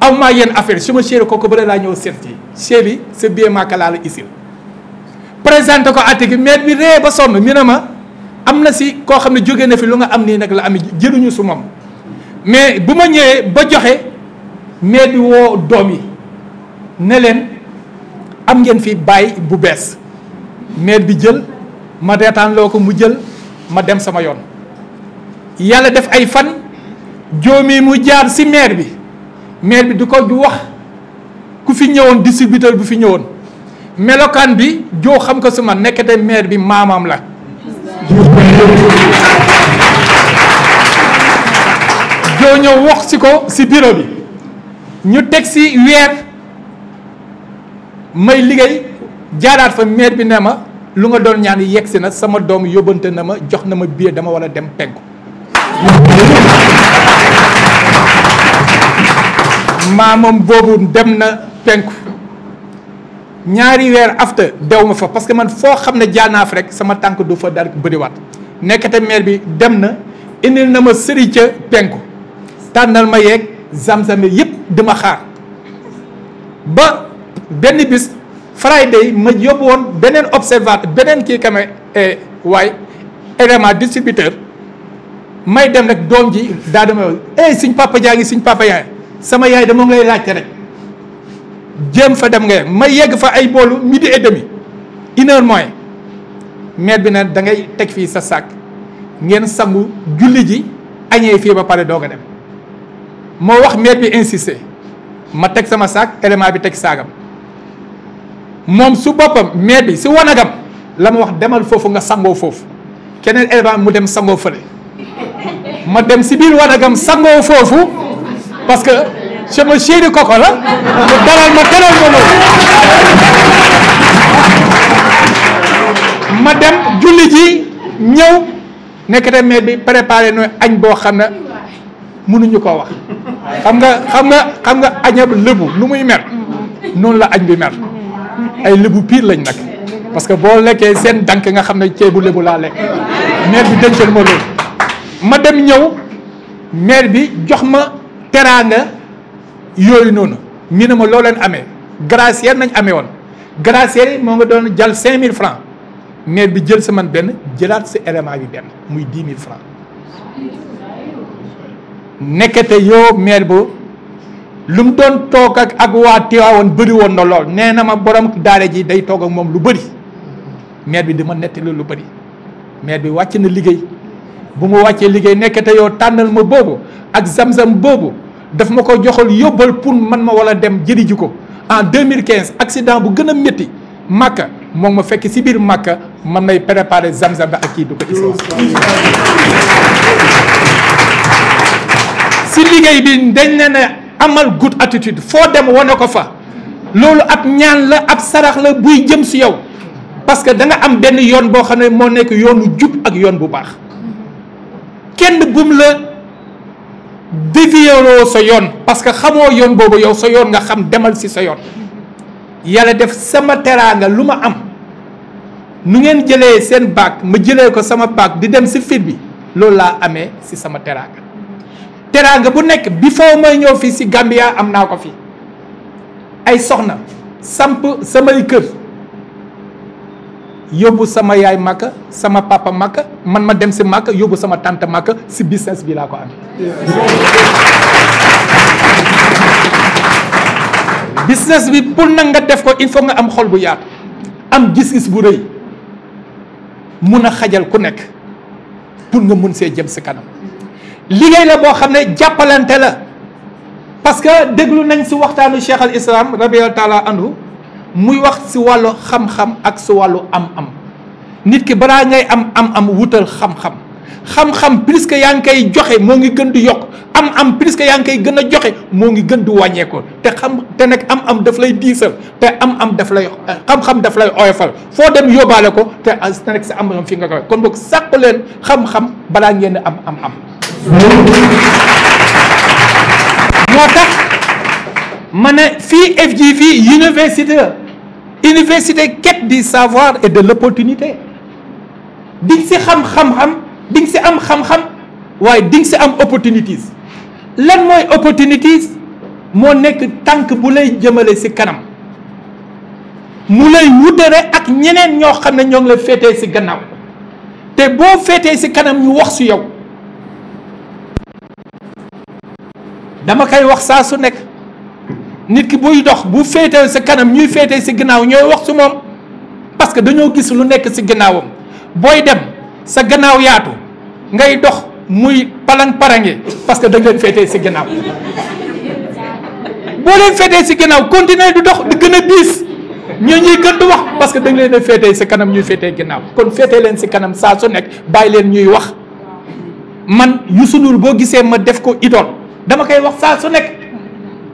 aw maa yéen affaire suma chéri kooku bële laa ñëw seet chéri sa bien ma ka la isil présenté ko atik, maire bi ree ba sonn mi ne ma amna si ko xamne joge na fi lu nga am ni nak la am jeeruñu su moom mais buma ñewé ba joxé mais di wo domi ne len am ngeen fi bay bu bes mais bi jël ma détan loko mu jël ma dem sama yoon yalla def ay fan jomi mu jaar si maire bi maire bi du ko du wax ku fi ñewon distributeur bu fi ñewon melokan bi jo xam ko suma ma maire bi mamam la joo ñëw wax si ko ci bureau bi ñu teg ci weer may liggéey jaaraat fa meer bi ne ma lu nga doon ñaan yegg si na sama doom yóbbante na ma jox na ma billet dama war a dem peggu maamam boobu dem na penku ñaari weer after dew ma fa parce que man foo xam ne jaar naa fa rek sama tànk du fa dara bëriwaat nekkate maire bi dem na indil na ma sëri ca penku tànnal ma yeeg zam-zame yëpp dama xaar ba benn bis Friday ma yóbbu woon beneen observateur beneen kii kame eh, waaye élément distributeur may dem rek doom ji daa dama eh suñ papa jaa ngi suñ papa yaay sama yaay dama ngay laajte rek. jéem fa dem nga yegg ma yegg fa ay boolu midi et demi une heure moins maire bi nag da ngay teg fii sa sàkk ngeen sangu julli ji añee fii ba pare doog a dem moo wax maire bi insisté ma teg sama saak élément bi teg saagam moom su boppam maire bi si wanagam la ma wax demal foofu nga sangoo foofu keneen élément mu dem sangoo fële ma dem si biir wanagam sangoo foofu parce que. sama chéri koko la mu dalal ma dalal ma loolu ma dem julli ji ñëw nekkate maire bi préparé nooy añ boo xam ne mënuñu ko wax xam nga xam nga xam nga aña lëbu nu muy mer noonu la añ bi mer ay lëbu pire lañ nag parce que boo lekkee seen dank nga xam ne ceebu lébu laa lekk maire bi dencal ma loolu ma dem ñëw mair bi jox ma teraanga yooyu noonu ñu ne ma loo leen amee gracière nañ amee woon gracière moo nga doon jal cinq mille francs maire bi jël sa man benn jëlaat si élément bi benn muy dix mille francs nekkete yow maire bu lu mu doon toog ak ak waa Tiwaawoon bëri woon na lool nee na ma borom daara ji day toog ak moom lu bari maire bi dama nettali lu bari maire bi wàcc na liggéey bu mu wàccee liggéey nekkete yoo tànnal ma boobu ak samsam boobu daf mako ko joxal yóbbal pour man ma wala dem jëli jiko en 2015 accident bu gën metti métti màkka ma fekk ci bir màkka man may préparer zamzam ba ak du ko si ligay bi dañ na amal good attitude fo dem woné ko fa loolu ab ñaan la ab sarax la buy jëm si yow parce que da nga am ben yoon bo xamné mo nek yoonu jup ak yoon bu baax kenn bum la déviéloo sa yoon parce que xamoo yoon boobu yow sa yoon nga xam demal si sa yoon yàlla def sama teraanga lu ma am nu ngeen jëlee seen baag ma jëlee ko sama baag di dem si fit bi loolu laa amee si sama teraanga teraanga bu nekk bi foo may ñëw fii si Gambia am naa ko fi ay soxna samp samay kër Yobu sama yaay maka sama papa maka man ma dem ci maka yóbbu sama tante maka si business bi la ko am business bi pour na nga def ko il faut nga am xol bu yaat am gis-gis bu reuy muna xajal ku nek pour nga mën see jëm si kanam ligay la bo xamne jappalante la parce que deglu nañ ci waxtanu cheikh al islam rabbi taala anhu muy wax si wàllu xam-xam ak si wàllu am-am nit ki balaa ngay am am-am wutal xam-xam xam-xam plus yaa ngi koy joxe moo ngi gën di yokk am-am prisque yaa ngi koy gën a joxe moo ngi gën di wàññeeku te xam te nag am-am daf lay diisal te am-am daf lay xam-xam daf lay oyofal foo dem yóbbaale ko te as te nag fii nga koy kon boog sàkku leen xam-xam balaa ngeen am am-am. moo tax. suis fi FGV université université quête du savoir et de l'opportunité di ci xam xam-xam am xam-xam am opportunities lan moy opportunities mo nek tank bu lay jëmele ci kanam mu lay ak ñeneen ñoo la fété te bo fété kanam nit ki buy dox bu féetee sa kanam ñuy féetee si ginnaaw ñooy wax su moom parce que dañoo gis lu nekk si ginnaawam booy dem sa gannaaw yaatu ngay dox muy palang parange parce que dañ leen féetee si ginnaaw boo leen féetee si ginnaaw continuer di dox di gën a diis ñoo ñuy gën di wax parce que dañ leen a féetee si kanam ñuy féetee ginnaaw kon féetee leen si kanam saa su nekk bàyyi leen ñuy wax man Youssou Ndour boo gisee ma def ko idole dama koy wax saa su nekk.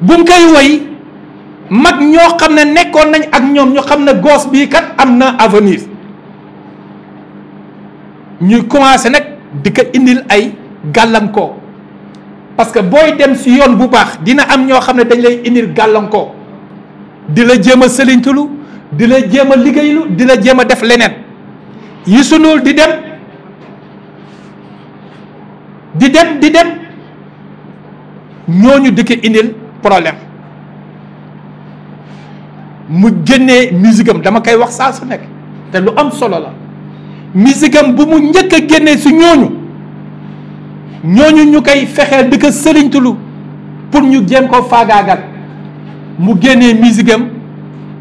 bu mu woy mag ñoo xam ne nekkoon nañ ak ñoom ñu xam ne goos bii kat am na avenir ñuy commencé nag di ko indil ay gàllankoor parce que booy dem si yoon bu baax dina am ñoo xam ne dañ lay indil gàllankoor di la jéem a sëliñtulu di la jéem a liggéeylu di la jéem a def leneen yi sunul di dem di dem di dem ñooñu di ko indil problème mu génnee musigam dama koy wax saa su nekk te lu am solo la misikam bu mu njëkk a génnee si ñooñu ñooñu ñu koy fexeel di ko sëriñtulu pour ñu jéem ko faagaagal mu génnee misikam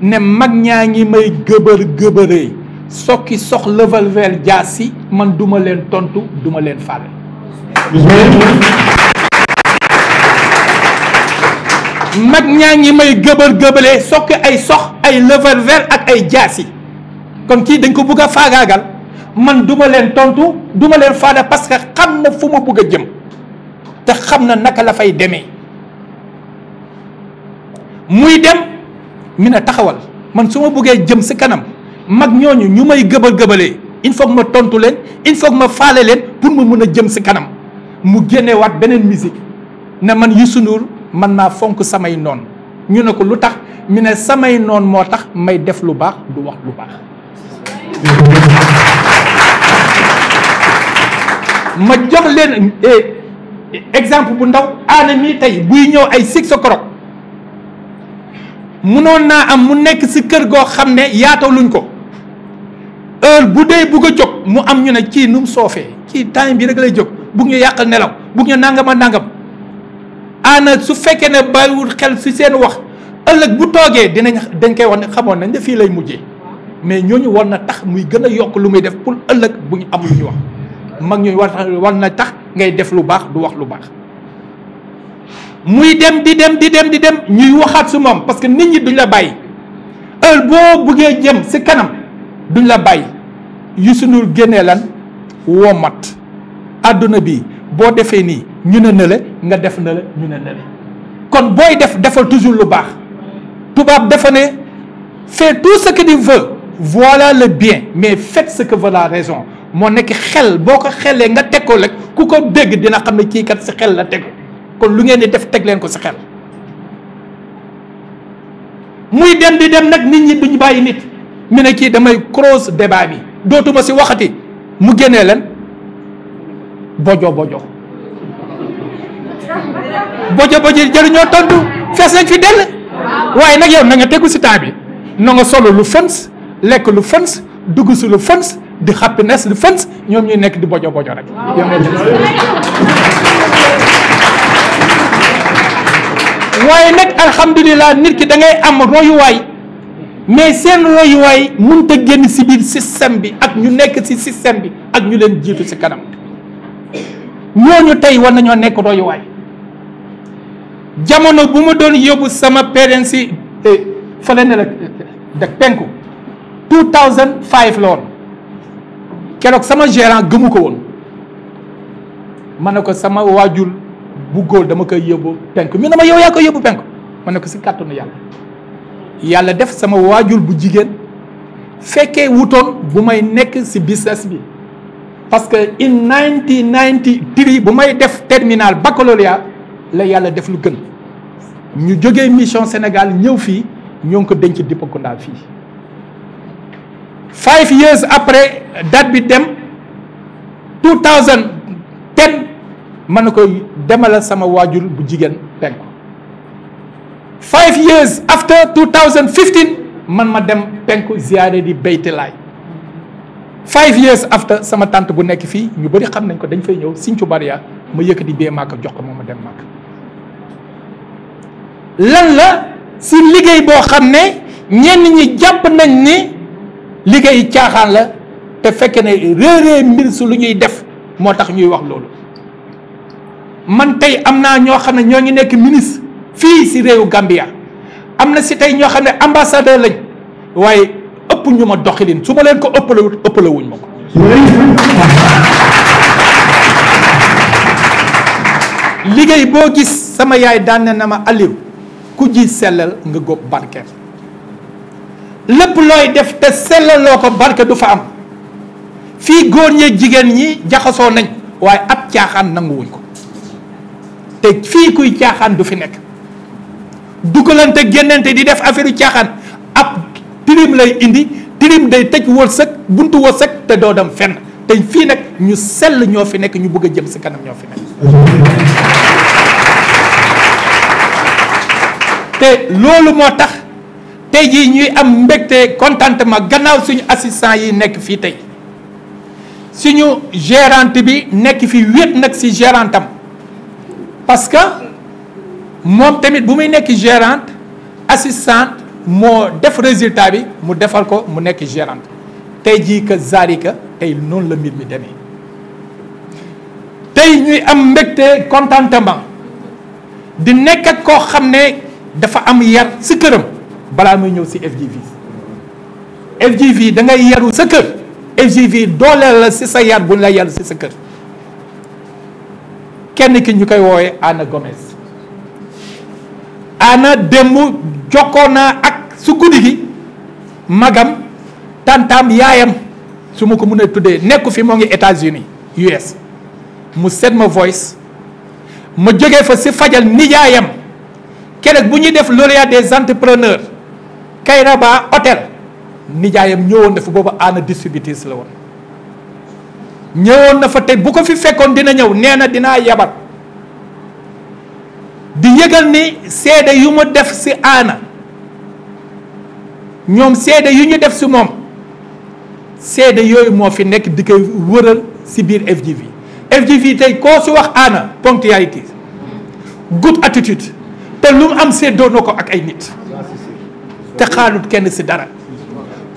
ne mag ñaa ngi may gëbër gëbëree sokki sox level ver jaas si man duma leen tontu duma leen fàlle mag ñaa ngi may gëbal gëbalee sokk ay sox ay revolver ak ay jaasi kon kii dañ ko bugg a faagaagal man duma leen tontu duma leen faada parce que xam na fu ma bugg a jëm te xam na naka la fay demee muy dem mi na taxawal man su ma buggee jëm si kanam mag ñooñu ñu may gëbal gëbalee il faut ma tontu leen il faut ma faale leen pour ma mën a jëm si kanam mu génnewaat beneen musique ne man Youssou Ndour man naa fonk samay noon ñu ne ko lu tax mu ne samay noon moo tax may def lu baax du wax lu baax ma jox leen eh, exemple bu ndaw aana mii tey buy ñëw ay six o'clock mënoon naa am mu nekk si kër goo xam ne yaataluñ ko heure bu dee bugg a jóg mu am ñu ne ci nu mu soofee kii temps bi rek lay jóg bugg ñu yàqal nelaw bugg ñu nangam a nangam ana su fekke ne bayiwul xel si seen wax ëllëg bu toogee dinañ dañ koy wax ne xamoon nañ ne fii lay mujjee mais ñooñu war na tax muy gën a yokk lu muy def pour ëllëg bu ñu am lu ñu wax mag ñooñu war war na tax ngay def lu baax du wax lu baax muy dem di dem di dem di dem ñuy waxaat su moom parce que nit ñi duñ la bàyyi heure boo buggee jëm si kanam duñ la bàyyi yusunul génnee lan womat àdduna bi boo defee nii ñu ne nële nga def nële ñu ne nële kon booy def defal toujours lu baax tubaab dafa ne fais tout ce que tu veux voilà le bien mais faites ce que veut la raison moo nekk xel boo ko xelee nga teg ko rek ku ko dégg dina xam ne kii kat si xel la teg kon lu ngeen di def teg leen ko si xel. muy dem di dem nag nit ñi duñ bàyyi nit mi ne kii damay croise débat bi dootuma si waxati mu génnee leen bojo bojo. bojo bojo jëriñoo tontu fees nañ fi del waaye nak yow nga teggu ci tabi no nga solo lu fëns lek lu fëns dugg ci lu di happiness lu fëns ñom ñuy nek di bojo bojo rek nak alhamdulillah nit ki da ngay am way mais way mën ta genn ci bir système bi ak ñu nek si système bi ak ñu leen jitu ci kanam ñooñu tey war nek royu way jamono bu ma doon yóbbu sama parents si eh, fële ne la dak penku 2005 la woon keroog sama gérant gëmu ko woon ma ne ko sama waajur bu góor dama koy yóbbu penku mi na ma yow yaa koy yóbbu penku ma ne ko si kàttanu yàlla yàlla def sama waajur bu jigéen fekkee wutoon bu may nekk si business bi parce que in 1993 bu may def terminal baccalauréat la yàlla def lu gën ñu jóge mission Sénégal ñëw fii ñoo ngi ko denc Dippakounda fii five years après date bi dem 2010 ma ne ko demala sama waajur bu jigéen penku five years after 2015 man ma dem penku ziyaare di Beytilaay five years after sama tante bu nekk fii ñu bari xam nañ ko dañ fay ñëw bari yaa ma yëkk di bee Màkka jox ko moom ma dem Màkka lan la si liggéey boo xam ne ñenn ñi jàpp nañ ni liggéey caaxaan la te fekk ne réeree mbir su lu ñuy def moo tax ñuy wax loolu man tey am naa ñoo xam ne ñoo ngi nekk ministre fii si réewu Gambia am na si tey ñoo xam ne ambassadeur lañ waaye ëpp ñu ma doxalin su ma leen ko ëppale ëppale wuñ ma ko. liggéey boo gis sama yaay daan na ma Aliou. ku ji sellal nga góob barkeel lépp looy def te sellaloo ko barke du fa am fii góor ñee jigéen ñi jaxasoo nañ waaye ab caaxaan nanguwuñ ko te fii kuy caaxaan du fi nekk dugalante génnante di def affaire caaxaan ab tirim lay indi tirim day tëj wërsëg buntu wërsëg te doo dem fenn te fii nag ñu sell ñoo fi nekk ñu bëgg a jëm si kanam ñoo fi nekk te lolou motax tax ji ñuy am mbégte contentement gannaaw suñu assistant yi nekk fi tay suñu gérante bi nekk fi wet nak si gérantam parce que mom tamit bu muy nekk gérante assistante mo def résultat bi mu defal ko mu nekk gérante tey ji que zalika tay non le mbir mi demee tey ñuy am mbégte contentement di nekk ak koo ne dafa am yar si këram balaa muy ñëw si FGV FGV da ngay yaru sa kër FGV dooleel la si sa yar bu ñu la yar si sa kër kenn ki ñu koy woowee Anna Gomez Anna démb jokkoo naa ak su guddi gi magam tantaam yaayam su ma ko mën a tuddee nekku fi moo ngi États-Unis US mu set ma voice ma jógee fa si fajal nijaayam keroog bu ñuy def lauréat des entrepreneurs Kayraba hôtel nijaayam ñëwoon na fa boobu ana distributrice la woon ñëwoon na fa bu ko fi fekkoon dina ñëw nee dinaa yabat di yëgal ni seede yu mu def si aana ñoom seede yu ñu def si moom seede yooyu moo fi nekk di koy wëral si biir FGV FGV tey koo si wax aana ponctualité good attitude lu mu am séddoo ko ak ay nit te xaalut kenn si dara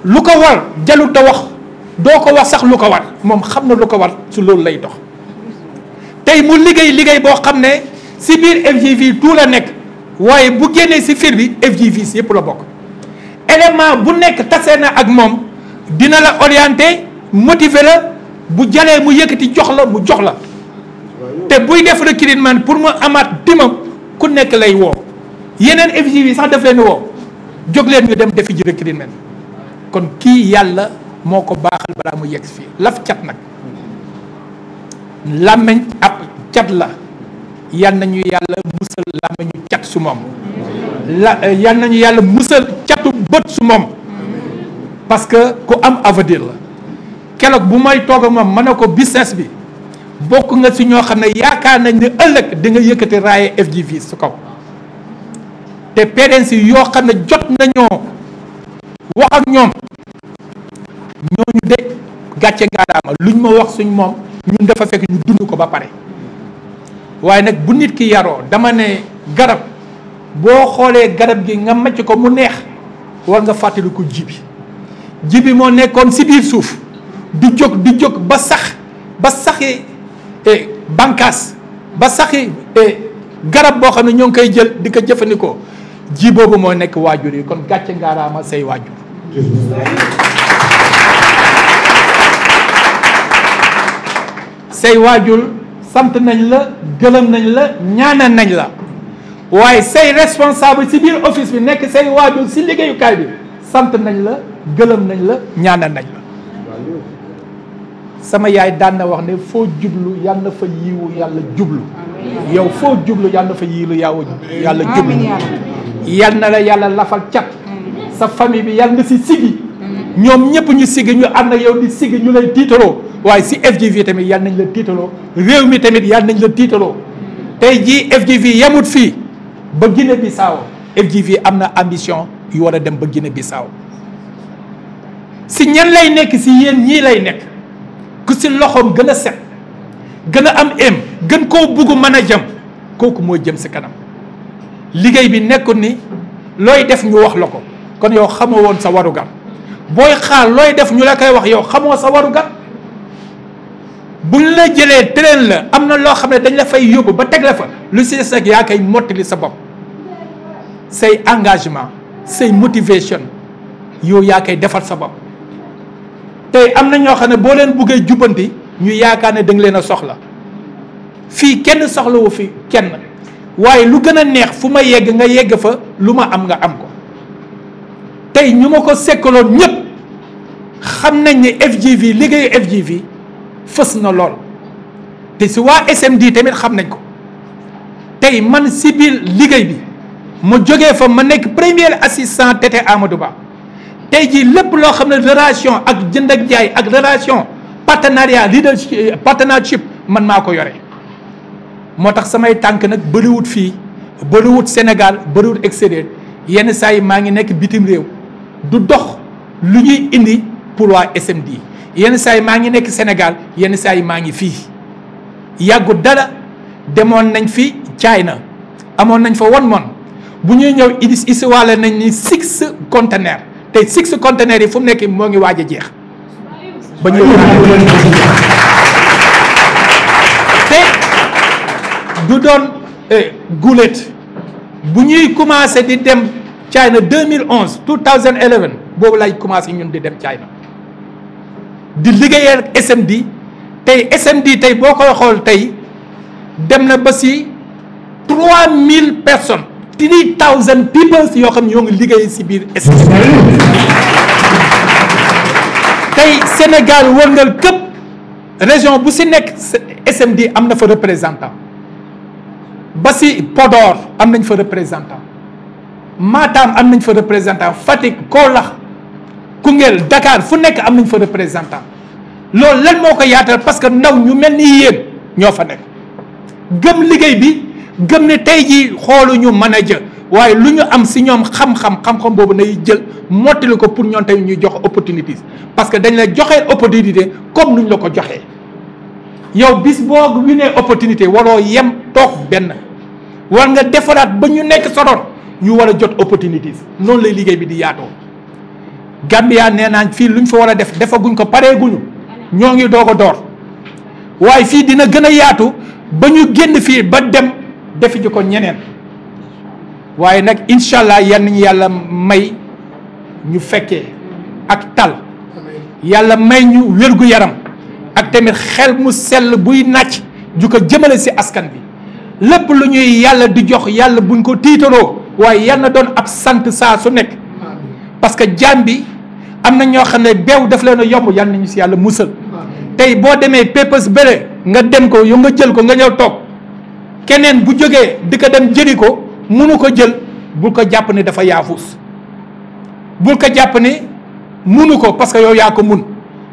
lu ko war jalut a wax doo ko wax sax lu ko war moom xam na lu ko war si loolu lay dox tey mu liggéey liggéey boo xam ne si biir FGV tout la nekk waaye bu génnee si fir bi FGV si yëpp la bokk élément bu nekk tase na ak moom dina la orienté motiver la bu jalee mu yëkkati jox la mu jox la te buy def recrutement pour mu amaat timam ku nekk lay woo yeneen FGV yi sax def leen woo jóg leen ñu dem defi ji recrutement kon kii yàlla moo ko baaxal balaa mu yegg fii laf cat nag làmmeñ ab cat la yal nañu yàlla musal làmmeñu cat su moom la eh, yal nañu yàlla musal catu bët su moom parce que ku am avenir la keroog bu may toog ak moom ma ne ko business bi bokk nga si ñoo xam ne yaakaar nañ ne ëllëg di nga yëkkati raaye FGV su kaw te parents yi yoo xam ne jot nañoo wax ak ñoom ñooñu de gàcce ngaalaama luñ ma wax suñ moom ñun dafa fekk ñu dund ko ba pare waaye nag bu nit ki yaroo dama ne garab boo xoolee garab gi nga macc ko mu neex war nga fàttaliku jibi jibi moo nekkoon si biir suuf du jóg di jóg ba sax ba saxi et bànqaas ba saxi garab boo xam ne ñoo ngi koy jël di ko jëfandikoo ji boobu moo nekk waajur yi kon gàcce ngaaraama say waajur say waajur sant nañ la gërëm nañ la ñaanal nañ la waaye say responsable ci biir office bi nekk say waajur ci liggéeyukaay bi sant nañ la gërëm nañ la ñaanal nañ la sama yaay daan na wax ne fo djublu yalla fa yiwu yalla djublu yow fo djublu yalla fa yiilu yaaw yalla djublu yalla na la yàlla lafal cat sa famille bi yalla ci sigi ñom ñëpp ñu sigi ñu ànd yow di sigi ñu lay tiitaloo way si FGV tamit yalla nañ la tiitaloo réew mi tamit yalla nañ la tiitaloo tay ji FGV yamut fi ba Guinée Bissau FGV amna ambition yu war dem ba Guinée Bissau si ñan lay nek si yeen ñi lay nek ku si loxoom gën a set gën a am em gën koo bugg mën a jëm kooku mooy jëm si kanam liggéey bi nekkul ni looy def ñu wax la ko kon yow xamoo woon sa warugar booy xaar looy def ñu la koy wax yow xamoo sa warugar buñ la jëlee train la am na loo xam ne dañ la fay yóbbu ba teg la fa lu si des ak yaa koy mottali sa bopp say engagement say motivation yow yaa koy defal sa bopp tey am na ñoo xam ne boo leen buggee jubbanti ñu yaakaar ne da leen a soxla fii kenn soxlawu fi kenn waaye lu gën a neex fu ma yegg nga yegg fa lu ma am nga am ko tey ñu ma ko sekkaloon ñépp xam nañ ne FGV liggéeyu FGV fës na lool te si waa SMD tamit xam nañ ko tey man si biir liggéey bi ma jógee fa ma nekk premier assistant Tete Amadou Ba. tey jii lépp loo xam relation ak jënd ak jaay ak relation partenariat leadership euh, partnership man mako yoré motax samay tank nak bëriwut fi bëriwut Sénégal bëriwut extérieur yenn say ma ngi nek bitim rew du dox lu ñuy indi pour waa SMD yenn say ma ngi nek Sénégal yenn say ma ngi fi yagu dara demoon nañ fi China amoon nañ fa won mon bu ñuy ñëw idis isiwale nañ ni 6 conteneurs te six conteneurs yi fu mu nekk moo ngi waaj a jeex ba ñëw te du doon eh, gulet bu ñuy commencé di dem China 2011 2011 boobu lay commencé ñun di dem China di liggéeyal SMD tey SMD tey boo koy xool tey dem na ba si 3000 personnes. three thousand people yoo xam ne ñoo ngi liggéey si biir SDE tey Sénégal wërngal këpp région bu si nekk SMD am na fa représentant ba si Podor am nañ fa représentant Matam am nañ fa représentant Fatick Kaolack Koungheul Dakar fu nekk am nañ fa représentant loolu lan moo ko yaatal parce que ndaw ñu mel ni yéen ñoo fa nekk gëm liggéey bi gëm ne tey jii xooluñu jë waaye lu ñu am si ñoom xam-xam xam-xam boobu nay jël mottali ko pour ñoom tey ñuy jox opportunities parce que dañu la joxee opportunité comme nuñ la ko joxee yow bis boo wi nee opportunité waroo yem toog benn war nga defaraat ba ñu nekk soroon ñu war a jot opportunities noonu lay liggéey bi di yaatoo Gambia nee naa fii luñ fa war a def defaguñ ko pareeguñu ñoo ngi doog door waaye fii dina gën a yaatu ba ñu génn fii ba dem defi ji ko ñeneen waaye nag incha allah yan ñu yàlla may ñu fekkee ak tal yàlla may ñu wérgu yaram ak tamit xel mu sell buy nàcc ju ko jëmale si askan bi lépp lu ñuy yàlla di jox yàlla buñ ko tiitaroo waaye yàlla na doon ab sant saa su nekk parce que jaam bi am na ñoo xam ne beew daf leen a yomb yàlla nañu si yàlla musal tey boo demee pépés bële nga dem ko yow nga jël ko nga ñëw toog keneen bu jógee di ko dem jëli ko mënu ko jël bul ko jàpp ni dafa yaafus bul ko jàpp ni mënu ko parce que yow yaa ko mun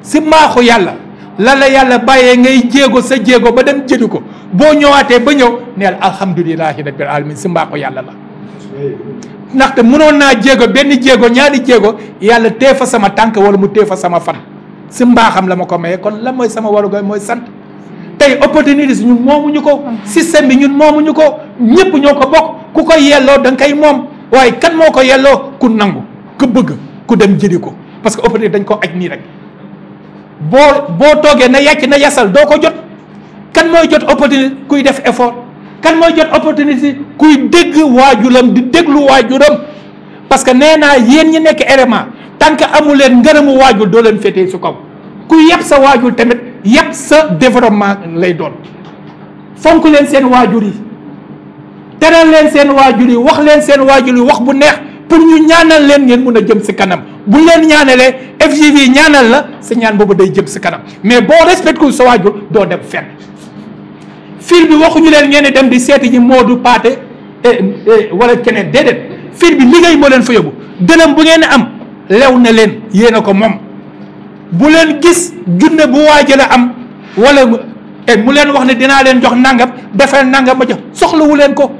si maaxu yàlla la la yàlla bàyyee ngay jéego sa jéego ba dem jëli ko boo ñëwaatee ba ñëw neel alhamdulilahi rabbil alamin si mbaaxu yàlla la ndaxte mënoon naa jéego benn jéego ñaari jéego yàlla tee fa sama tànk wala mu tee fa sama fan si mbaaxam la ma ko maye kon la mooy sama waruga mooy sant tey opportunité ñun ñu ko mm-hmm. système bi ñun moomu ñu ko ñëpp ñoo ko bokk ku ko yelloo da koy moom waaye kan moo ko yelloo ku nangu ku bëgg ku dem jëli ko parce que opportunité dañ ko aj nii rek boo boo toogee na yàcc na yasal doo ko jot kan mooy jot opportunité kuy def effort kan mooy jot opportunité kuy dégg waajuram di déglu waajuram parce que nee naa yéen ñi nekk élément tant que amu leen ngërëmu waajur doo leen féetee su kaw kuy yeb sa waajur tamit yàq sa développement lay doon fonk leen seen waajur yi teral leen seen waajur yi wax leen seen waajur yi wax bu neex pour ñu ñaanal leen ngeen mun a jëm si kanam bu leen ñaanalee FGV ñaanal la sa ñaan boobu day jëm si kanam mais boo respecté ko sa waajur doo dem fenn fiir bi waxuñu leen ngeen dem di seetu seeti ji Modou Paate eh, eh, wala keneen déedéet fiir bi liggéey moo leen fa yóbbu dërëm bu ngeen am lew na leen yéen a ko moom. bu leen gis junne bu waaja a am wala eh, mu leen wax ne dinaa leen jox nangam defee nangam a jox soxlawu leen ko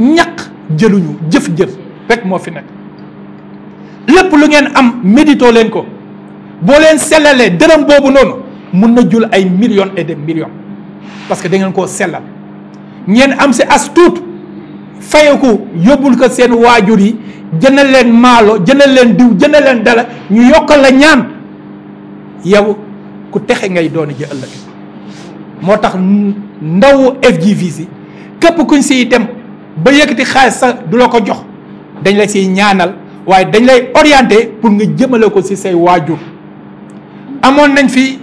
ñaq jëluñu jëf-jëf rek moo fi nekk lépp lu ngeen am médito leen ko boo leen sellalee dërëm boobu noonu mun na jul ay millions et des millions parce que da ngeen koo sellal ngeen am si as tuut fayeku yóbbul ko seen waajur yi jëndal leen maalo jëndal leen diw jëndal leen dala ñu yokkal la ñaan yow ku texe ngay doon ji ëllëg moo tax ndaw FGV si képp kuñ siy dem ba yëkkati xaalis sa du la ko jox dañ la siy ñaanal waaye dañ lay orienté pour nga jëmale ko si say waajur amoon nañ fi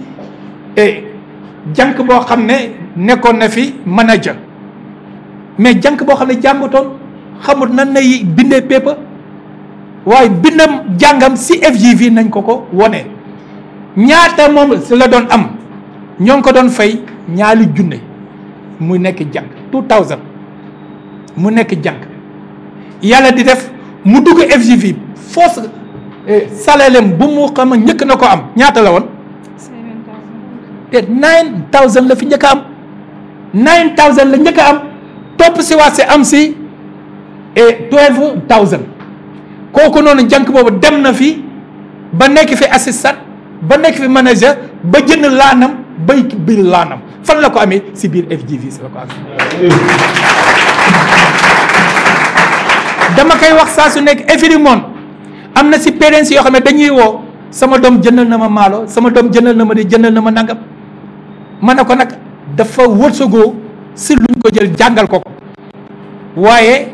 e, janq boo xam ne nekkoon na fi manager mais janq boo xam ne jàngatoon xamut nan nay bindee pépa waaye bindam jàngam si FGV nañ ko ko wone ñaata moom la doon am ñoo ngi ko doon fay ñaari junne mu nekk jàng two thousand mu nekk jàng yàlla di def mu dugg FGV force eh, salaaleem bu mu xam njëkk na ko am ñaata la woon te eh, nine thousand la fi njëkk am nine thousand la njëkk a am topp si waat si am si eh, twelve thousand kooku noonu jànk boobu dem na fi ba nekk fi assistant ba nekk fi manager ba jënd laanam bay biir laanam fan la ko amee si biir FGV si la ko dama koy wax saa su nekk every month am na si parents yoo xam ne dañuy woo sama doom jëndal na ma maalo sama doom jëndal na ma di jëndal na ma nangam ma ne ko nag dafa wërsëgoo si luñ ko jël jàngal ko ko waaye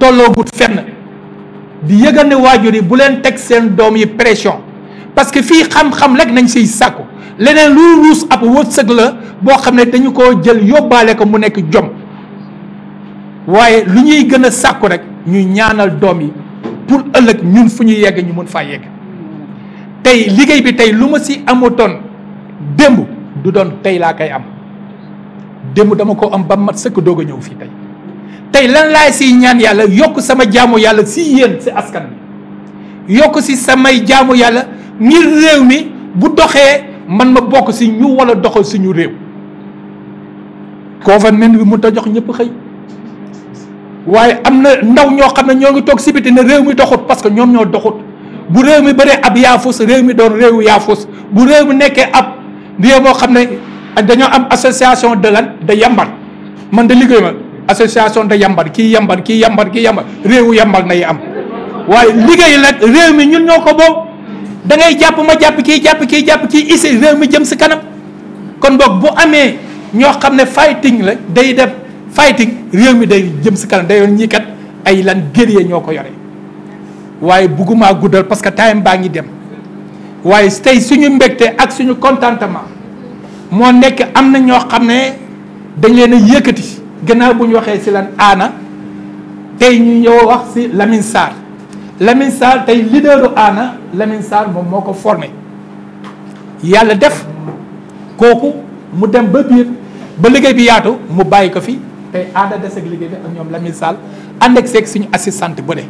tolloogut fenn di yëgal ne waajur yi bu leen teg seen doom yi pression. parce que fii xam-xam rek nañ siy sàkku leneen lu ruus ab wërsëg la boo xam ne dañu ko jël yóbbaale ko mu nekk jom waaye lu ñuy gën a sàkku rek ñu ñaanal doom yi pour ëllëg ñun fu ñu yegg ñu mën faa yegg tey liggéey bi tey lu ma si amutoon démb du doon tey laa koy am démb dama ko am ba mat sëkk doog a ñëw fii tey tey lan laay siy ñaan yàlla yokk sama jaamu yàlla si yéen si askan bi yokk si samay jaamu yàlla ngir réew mi bu doxee man ma bokk si ñu wala doxal suñu réew gouvernement bi mun ta jox ñëpp xëy waaye am na ndaw ñoo xam ne ñoo ngi toog si ne réew mi doxut parce que ñoom ñoo doxut bu réew mi bëree ab yaafus réew mi doon réew yaafus bu réew mi nekkee ab réew moo xam ne dañoo am association de lan de yambar man de liggéey ma association de yambar ki yambar ki yambar kii yambar nay am waaye liggéey nag réew mi ñun ñoo ko boobu da ngay jàpp ma jàpp kii jàpp kii jàpp kii isi réew mi jëm si kanam kon boog bu amee ñoo xam ne fighting la day dem fighting réew mi day jëm si kanam day yoon ñii kat ay lan guerrier ñoo ko yore waaye buggumaa guddal parce que time baa ngi dem waaye tey suñu mbégte ak suñu contentement moo nekk am na ñoo xam ne dañ leen a yëkkati gannaaw bu ñu waxee si lan aana tey ñu ñëw wax si Lamine Sarr Lamine Sarr tey leaderu Aana Lamine Sarr moom moo ko formé yàlla def kooku mu dem ba biir ba liggéey bi yaatu mu bàyyi ko fi tey aada des ak liggéey bi ak ñoom Lamine Sarr ànd ak seeg suñu assistante bu ne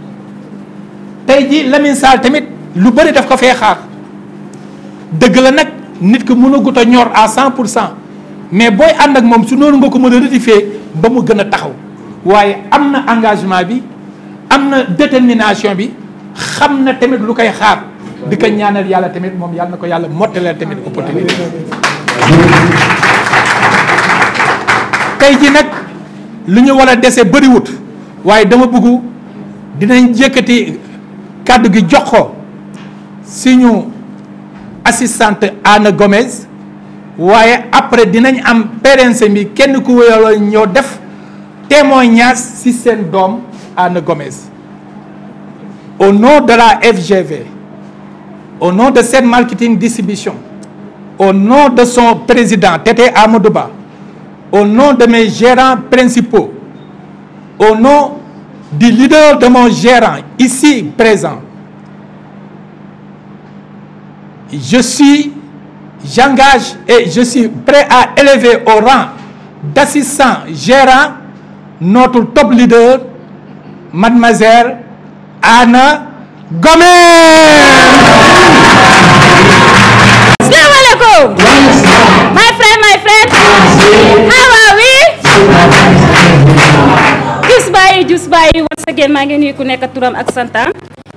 tey ji Lamine Sarr tamit lu bëri daf ko fee xaar dëgg la nag nit ki mënagut a ñor à cent pour cent mais booy ànd ak moom su noonu nga ko mën a rectifier ba mu gën a taxaw waaye am na engagement bi am na détermination bi xam na tamit lu koy xaar di ko ñaanal yàlla tamit moom yàlla na ko yàlla mottaleel tamit opportunité tey ji nag lu ñu war a dese bëriwut waaye dama bëggu dinañ jëkkati kàddu gi jox ko suñu assistante Anna Gomez waaye après dinañ am PRNC bi kenn ku wéyaloo ñëw def témoignage ci seen doom Anne Gomez. Au nom de la FGV, au nom de cette marketing distribution, au nom de son président, Tete Amodoba, au nom de mes gérants principaux, au nom du leader de mon gérant ici présent, je suis, j'engage et je suis prêt à élever au rang d'assistant gérant notre top leader Mademoiselle Anna Gomez. Assalamualaikum. My friend, my friend. How are we? Just by, just by. once again maa ngi nuyu ku turam ak santam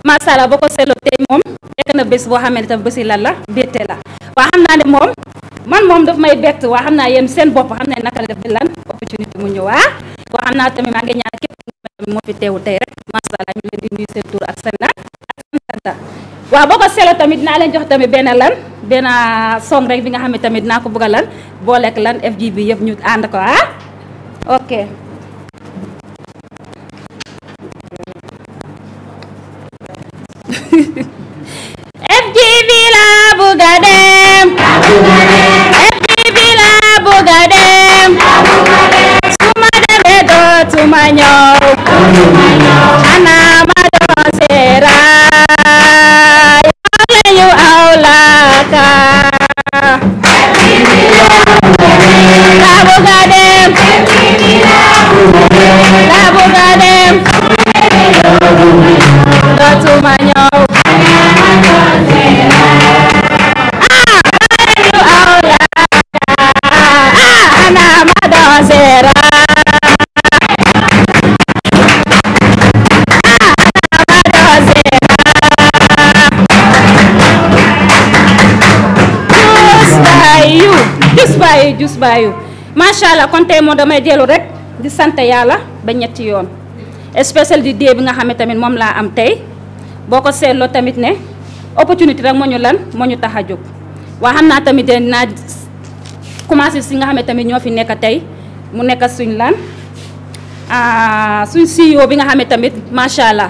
macha allah boo ko seetloo tey moom nekk na bés boo waa xam naa ne moom man moom daf may bett waa xam naa yéen seen bopp xam ne naka la def di lan opportunité mu ñëw waa waa xam naa tamit maa ngi ñaan képp moo fi teewu tey rek macha allah ñu leen di nuyu seen tur ak seen ak seen santa waaw boo ko seelo tamit naa leen jox tamit benn lan benn song rek bi nga xam ne tamit naa ko bëgg a lan booleeg lan FG bi yëpp ñu ànd ko ah ok ñëw ana ma doon seeraay wala ñu aw bàyyi jus bàyyu macha allah kon tey moom damay dellu rek di sant yàlla ba ñetti yoon spécial di dee bi nga xam ne tamit moom laa am tey boo ko seetloo tamit ne opportunité rek moo lan moo ñu tax a jóg waa naa tamit dinaa commencé si nga xam ne tamit ñoo fi nekk tey mu nekk suñ lan ah, suñ CEO bi nga xamee tamit macha allah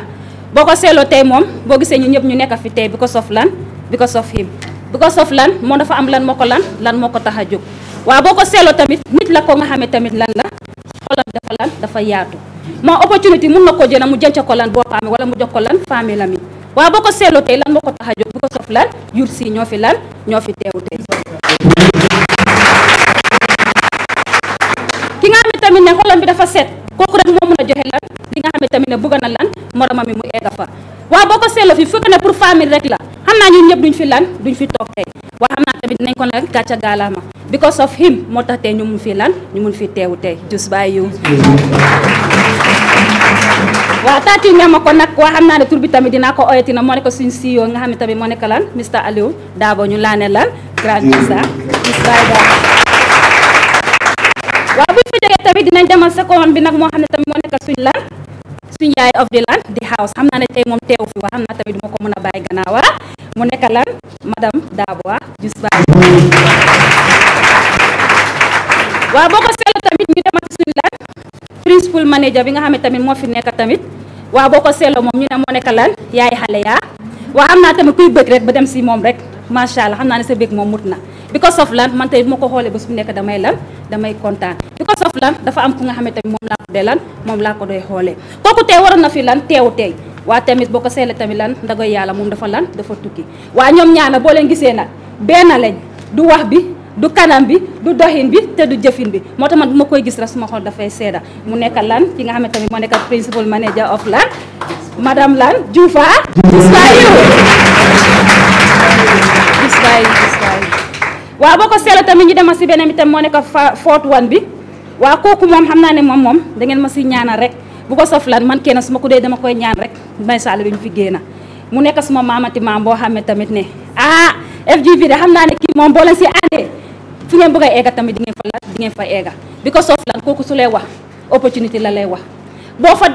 boo ko seetloo tey moom boo gisee ñu ñëpp ñu nekk fi tey bi ko sof lan bi ko sof him bi ko sof lan moo dafa am lan moo ko lan lan moo ko tax a jóg waaw boo ko seetloo tamit nit la ko nga xamee tamit lan la xolam dafa lan dafa yaatu moo opportunité mun na ko jëna mu jënca ko lan boppaam wala mu jox ko lan famille la mi waaw boo ko seetloo tey lan moo ko tax a jóg bu ko sof lan yur si ñoo fi lan ñoo fi teewu tey ki nga xam ne tamit ne bi dafa set kooku rek moo mun a joxe lan li nga xam ne tamit ne bëgg na lan moromam mi mu eega fa fi fekk pour famille rek la xamna ñun ñep duñ fi lan duñ fi toog tey waaye xam tamit nañ ko nag gatcha galama because of him motax tax ñu mun fi lan ñu mun fi teewu tey just by you tati ñama ko nak wa xamna ne tur bi tamit dina ko oyati na moniko suñ siyo e nga xamni tamit moniko lan Mr Aliou Dabo ñu lané lan grand jusa just by that bu fi jégué tamit dinañ demal seconde bi nak mo xamni tamit moniko suñ lan suñu yaay of the land the house xamna ne tay mom tew fi wa xamna tamit duma ko mëna a bàyyi gannaawa mu nekk lan madame dabwa Jusba wa boko ko tamit ñu demati suñu land principal manager bi nga xamé tamit mo fi nekk tamit wa boko ko mom ñu ne mo nekk lan yaay xalé ya wa xam tamit kuy bëgg rek ba dem ci mom rek macha allah ne sa bëgg mom mutna because of lan man tey bu ma ko xoolee ba bés bu nekk damay lan damay kontaan because of lan dafa am ku nga xamante ni moom laa ko dee lan moom laa ko doy xoolee kooku tey waroon na fi lan teewu tey waa tamit boo ko seetlee tamit lan ndagoy yàlla moom dafa lan dafa tukki waa ñoom ñaana boo leen gisee nag benn lañ du wax bi du kanam bi du doxin bi te du jëfin bi moo tax man bu ma koy gis rek suma xol dafay seeda mu nekk lan ki nga xam ne tamit moo nekk principal manager of lan madame lan Diouf ah. wa boko ko seela tamit ñu demal si beneen itam moo nekk foot wan bi waaw kooku moom xam naa ne moom moom da ngeen ma si ñaanal rek bu ko sof lan man kenn su ma ko dee dama koy ñaan rek may sall duñ fi génn mu nekk suma maamati maam boo xam tamit ne ah FGV de xam ne kii moom boo leen si àndee fu ngeen bëgg a eega tamit di ngeen fa laaj di ngeen fa eega bi ko sof lan kooku su lay wax opportunité la lay wax boo fa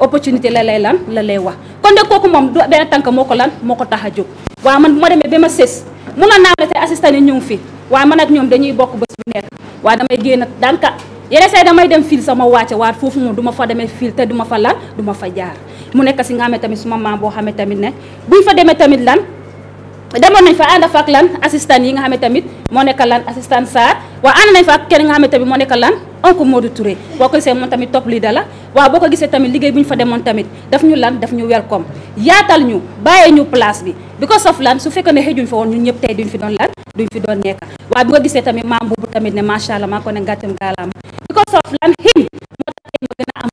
opportunité la lay lan la lay wax kon de kooku moom benn tànk moo lan moo ko tax man mun a naaw ne say assistant yi ñu ngi fi waaye man ak ñoom dañuy bokk bés bu nekk waaye damay génn daanaka yeneen say damay dem fil sama wàcce waat foofu moom duma fa demee fil te duma fa lan duma fa jaar mu nekk si nga xam ne tamit suma maam boo xamee tamit ne buñ fa demee tamit lan demoon nañ fa ànd fa ak lan assistant yi nga xam ne tamit moo nekk lan assistant Sarr waaw ànd nañ fa ak kenn nga xam ne tamit moo nekk lan oncle Modou Touré boo ko gisee moom tamit topp lii da la waaw boo ko gisee tamit liggéey bi ñu fa demoon tamit daf ñu lan daf ñu welcome yaatal ñu bàyyee ñu place bi bi ko sof lan su fekkee ne xëjuñ fa woon ñun ñëpp tey duñ fi doon lan duñ fi doon nekk waaw bi ko gisee tamit maam boobu tamit ne macha allah maa ko a am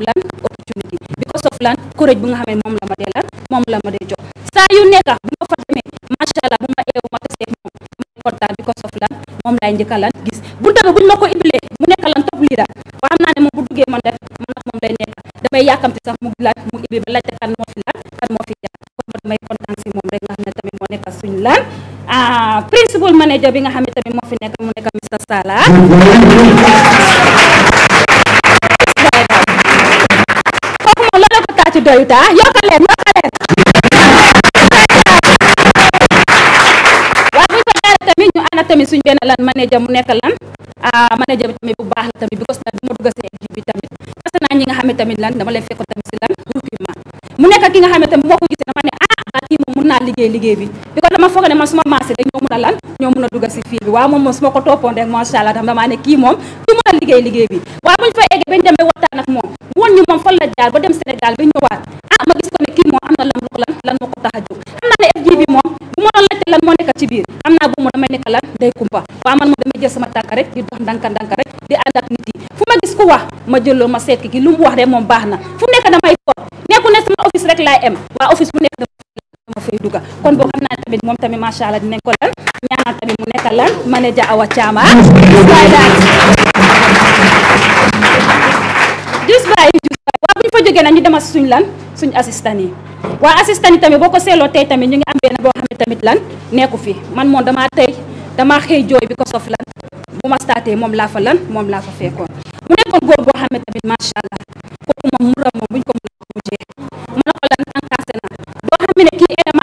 fulan courage bu nga xamee mom la ma délal mom la ma dé jox sa yu nekk bu ma fa démé machallah bu ma éw eh, ma ko moom mom kontaan bi ko sof lan moom laay njëkk gis bu bi buñ ma ko indilee mu nekk top lii wa ba né naa bu duggé man def man ak mom lay nekk damay yakamti sax mu laj mu ibé ba laj kan mo fi lan kan mo fi ja ko ma damay contant ci mom rek nga xamné tamit moo nekk suñ lan ah principal manager bi nga xamné ne tamit moo fi nekk mu nekk Mr Sala ci doyu ta yokk leen yokk leen waaye bu ñu ko xeere tamit ñu ànd ak suñu ben lan manager mu nekk lan ah manager tammi bu baax tammi bi ko nag bu ma dugg seen équipe bi tammi parce que naa ñi nga xamé tammi lan dama lay fekk tammi ci lan groupement mu nekk ki nga xamé tammi tamit moo ko gisee dama naa liggéey liggéey bi bi ko dama foog ne man suma maase rek ñoo mën a lan ñoo mën a dugal si fii bi waaw moom moom su ma ko toppoon rek macha allah tam damaa kii moom du a ah, ma gis ko ne a ma jël sama ma seet ki lu mu wax rek moom baax na fu nekk damay for nekku ne sama office rek laay em waa office bu nekk fay duga kon boo xam naa tamit moom tamit macha allah dinañ ko lan ñaanal tamit mu nekk lan manager Awa Thiam jus baay jus baay waaw bu ñu fa jógee nag ñu demal suñ lan suñ assistant yi waa assistant yi tamit boo ko seetloo tey tamit ñu ngi am benn boo xam ne tamit lan nekku fi man moom damaa tey dama xëy jooy bi ko sof lan bu ma staatee moom laa fa lan moom laa fa fekkoon mu nekkoon góor boo xam ne tamit macha allah kooku moom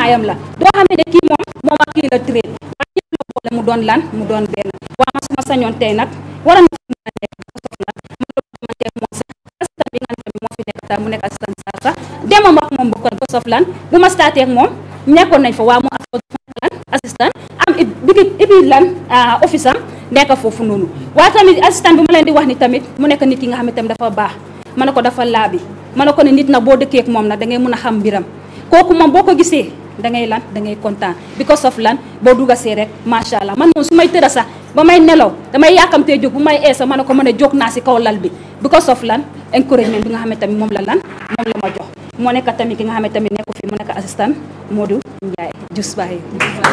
ayam la do xamee ne kii mom moom ak la trait waaye la mu don lan mu don ben wa ma suma sañoon tey nag waroon na nek mën a do soxla ma doon mo sa asta bi nga xam mo fi nek ta mu nekk assistant sa sax demam ak mom bu ko ko sof lan bu ma staté ak mom nekkoon nañ fa wa mu ak lan assistant am ibi lan ah, office am nekk fofu nonu wa tamit assistant bu ma leen di wax ni tamit mu nek nit ki nga xam tam dafa baax manako dafa labi manako ni nit na bo ak mom da ngay mëna xam biram kooku moom boo ko gisee da ngay lan dangay ngay kontaan because of lan boo dugasee rek macha allah man moom su may tëra sax ba may nelaw damay yaakamtee jóg bu may eesa ma ne ko mën a jóg naa si kaw lal bi because of lan encouragement bi nga xam ne tamit moom la lan moom la ma jox moo nekk tamit ki xam ne tamit nekku fi mu nekk assistant Modou Ndiaye jus bàyyi maam la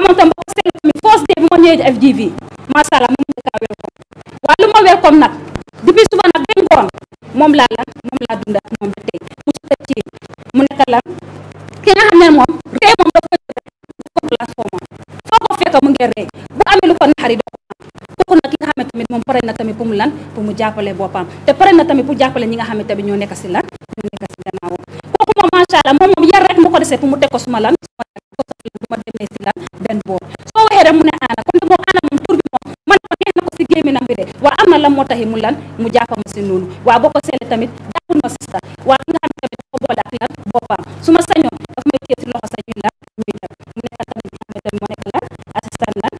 waaw moom tamit boo seetlu tamit first day bi ma ñëwee FGV macha allah moom nga kaa waaye lu ma welcome nag depuis suba nak ba ngoon mom la la mom la dund ak moom ba mu ci ci mu nek la ki nga xamne mom moom mom da ko ko ko mom foo ko fekk mu ngi ree bu amé lu ko naxari ko ko nak ki nga xamne tamit mom paré na tamit pour lan pour mu jappalé bopam te paré na tamit pour jappalé ñi nga xamne tamit ñoo nek ci lan ñoo nek ci gannaawam ko ko mom machallah mom mom yar rek mu ko déssé pour mu teg ko suma lan suma ko bu ma demee si lan benn boor soo waxee rek mu né an ah, féete waa am na lan moo taxi mu lan mu jàppama si noonu waa boo ko seetlee tamit dàqul ma sista waa ki xam ne tamit dafa boole lan boppam su sa ñuy lan ñuy dem mu nekk tamit ki nga xam lan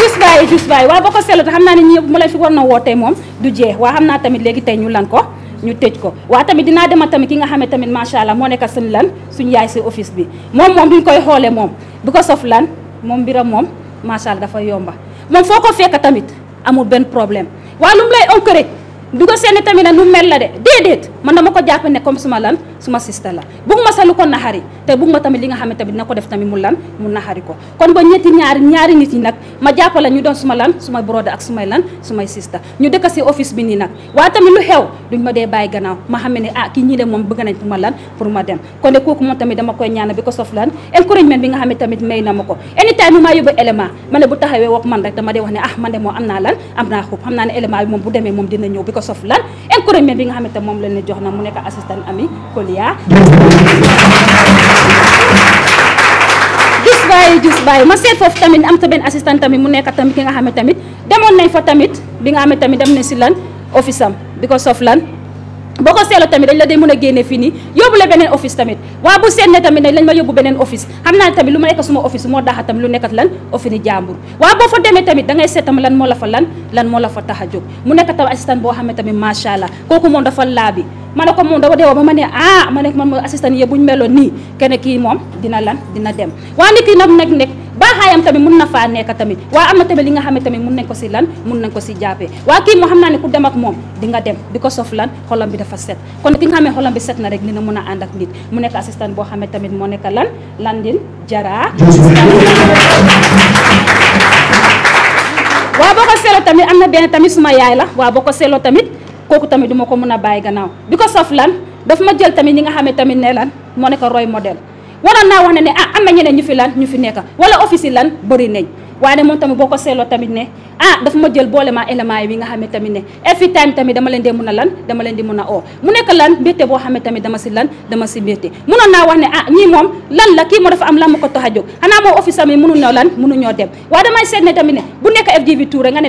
jus baay jus baay waa boo ko seetlee te xam naa ne ñi ma leen fi war na woo tey moom du jeex waa xam naa tamit léegi tey ñu lan ko ñu tëj ko waa tamit dinaa a tamit yi nga xam ne tamit macha allah moo nekk suñ lan suñ yaay si office bi moom moom duñ koy xoolee moom bu ko sof lan moom mbiram moom macha allah dafa yomba moom foo ko fekk tamit amul benn problème waa lu mu lay encourage dugal seen tamit nag nu mel la de déedéet man dama ko jàpp ne comme suma lan ma sista la bugg ma sa lu ko naxari te bugg ma tamit li nga xam ne dina ko def tamit mu lan mu naxari ko kon ba ñetti ñaari ñaari nit yi nag ma jàpp la ñu doon suma lan sumay brode ak sumay lan sumay sista ñu dëkk si office bi nii nag waaye tamit lu xew duñ ma dee bàyyi gannaaw ne ah moom bëgg nañ pour ma lan pour ma dem kon de kooku moom tamit koy ñaana ko sof lan encouragement bi nga ne tamit may na ko anytime mu maa yóbbu élément ma ne bu taxawee wax man ne ah, moom am naa lan am naa xub xam naa ne élément bu demee moom dina ñëw sof lan incurémé bi nga xamante moom lañ la jox na mu nekk assistant Ami Kolia gis bàyyi gis bàyyi ma seet foofu tamit am ta benn assistant tamit mu nekk tamit ki nga xam ne tamit demoon nañ fa tamit bi nga xamee tamit dem na si lan office am di ko sof lan boo ko seetloo tamit dañ la dee mën a génne fii nii yóbbu la beneen office tamit waaw bu seet ne tamit dañ lañ ma yóbbu beneen office xam naa ne tamit lu ma nekk suma office moo daxa tamit lu nekkat lan office ngay seet tamit lan moo la fa lan lan moo la fa tax a jóg mu nekk tamit assistant boo xam ne tamit macha allah kooku moom dafa laabi ma ne ko moom dafa deewoo ba ma ne ah ma ne man mooy assistant yi buñ meloon nii kene kii moom dina lan dina dem waa nit ki nag nekk baaxaayam tamit mun na faa nekk tamit waa am na tamit li nga xam ne tamit mun nañ ko si lan mun nañ ko si jàppee waa kii moo xam naa ku dem ak moom di nga dem bi sof lan xolam bi dafa set kon ki nga xolam bi set na rek dina mun a ak nit mu assistant tamit moo nekk lan landin jara waa boo ko tamit am na benn tamit suma yaay la waa boo ko seeloo tamit kooku tamit du ko mun gannaaw sof lan daf ma jël tamit ñi nga tamit ne lan roy waroon naa wax ne ne ah am na ñu fi lan ñu fi nekk wala office yi lan bëri nañ waaye moom tamit boo ko seetloo tamit ne ah dafa ma jël boole maa élément yi nga xam ne tamit ne every time tamit dama leen di mun a lan dama leen di mun a oo mu nekk lan mbétte boo xam ne tamit dama si lan dama si ah, lan la kii moo dafa am a jóg xanaa moom office am yi mënu nekk FGV 2 nga ne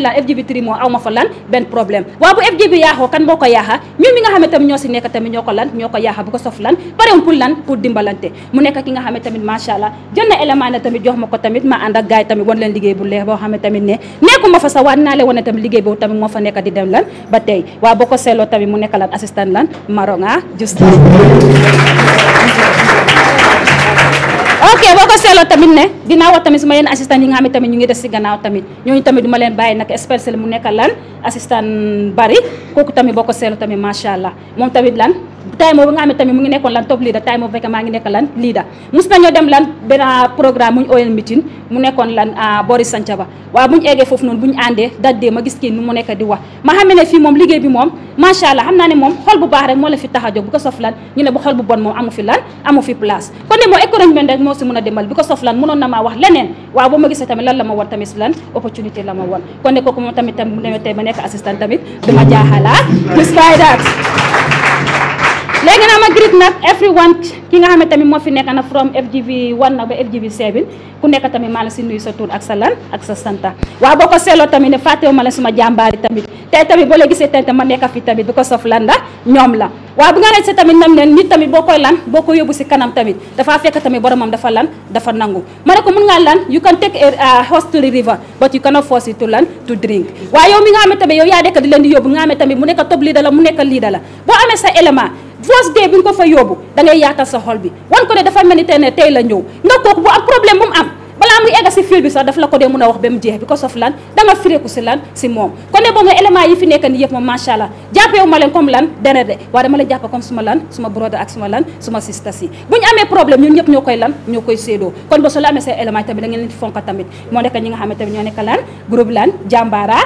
ma fa lan benn problème kan moo ko yaaxa nga xam ne tamit ñoo si nekk tamit ñoo ko lan ñoo ko yaaxa bu ko sof lan parewum pour lan pour dimbalante mu nekk ki nga xam ne tamit macha allah jël na élément ne tamit jox ma ko tamit ma ànd ak gaay tamit wan leen liggéey bu leer boo xam ne tamit ne nekkuma fa sa waat naa leen wane tamit liggéey boobu tamit moo fa nekk di dem lan ba tey waa boo ko seetloo tamit mu nekk lan assistant lan maronga justice ok boo ko tamit ne dinaa wax tamit su ma yenn assistant yi nga xam ne tamit ñu ngi des si gannaaw tamit ñooñu tamit du ma leen bàyyi nag mu nekk assistant bari kooku tamit boo ko tamit macha allah tamit lan time boobu nga xam ne tamit mu ngi nekkoon lan top leader time boobu fekk maa ngi nekk lan leader mus nañoo dem lan benn ah, programme mu ñu ooyoon meeting mu nekkoon lan ah, Boris Sanchaba waaw bu ñu eggee foofu noonu bu ñu àndee daddee ma gis kii nu mu nekk di wax ma xam ne fii moom liggéey bi moom macha allah xam naa ne moom xol bu baax rek moo la fi tax a jóg bu ko sof lan ñu ne bu xol bu bon moom amu fi lan amu fi place kon ne moo rek moo a demal bi léegi na ma greet everyone ki nga xam ne tamit from FGV 1 nag ba FGV 7 ku nekk tamit maa la si nuyu sa ak santa waaw boo ko tamit ne fàttewu ma la suma jàmbaari tamit tey tamit boo la gisee tey ma nekk fi tamit because of lan la ñoom la waaw bu nga ne si tamit nam ne nit tamit lan boo kanam tamit fekk tamit boromam dafa lan dafa nangu ma ne ko lan you can take a horse to the river but you cannot force it to land to drink wa yow mi nga xam tamit yow yaa nekk di leen di yóbbu nga xam tamit mu top leader la mu leader la sa élément fausse dé buñ ko fa yobbu da ngay yaatal sa xol bi wan ko né dafa melni ni tey ne la ñew nga ko bu am problème bu am bala muy égg ci fil bi sax daf la ko dé mëna wax bëm jéx bi ko sof lan firé ko ci lan ci mom ko né bo nga élément yi fi nekk ni yépp moom machallah jappé wu ma leen comme lan déné dé wa dama la jàppe comme suma lan suma brother ak suma lan suma sister si buñ amé problème ñun ñëpp ñokoy lan ñokoy sédo kon bo soo la amee seen élément tamit da ngeen leen di fonka tamit moo nekk ñi nga xamé tamit ñoo nekk lan groupe lan jàmbaara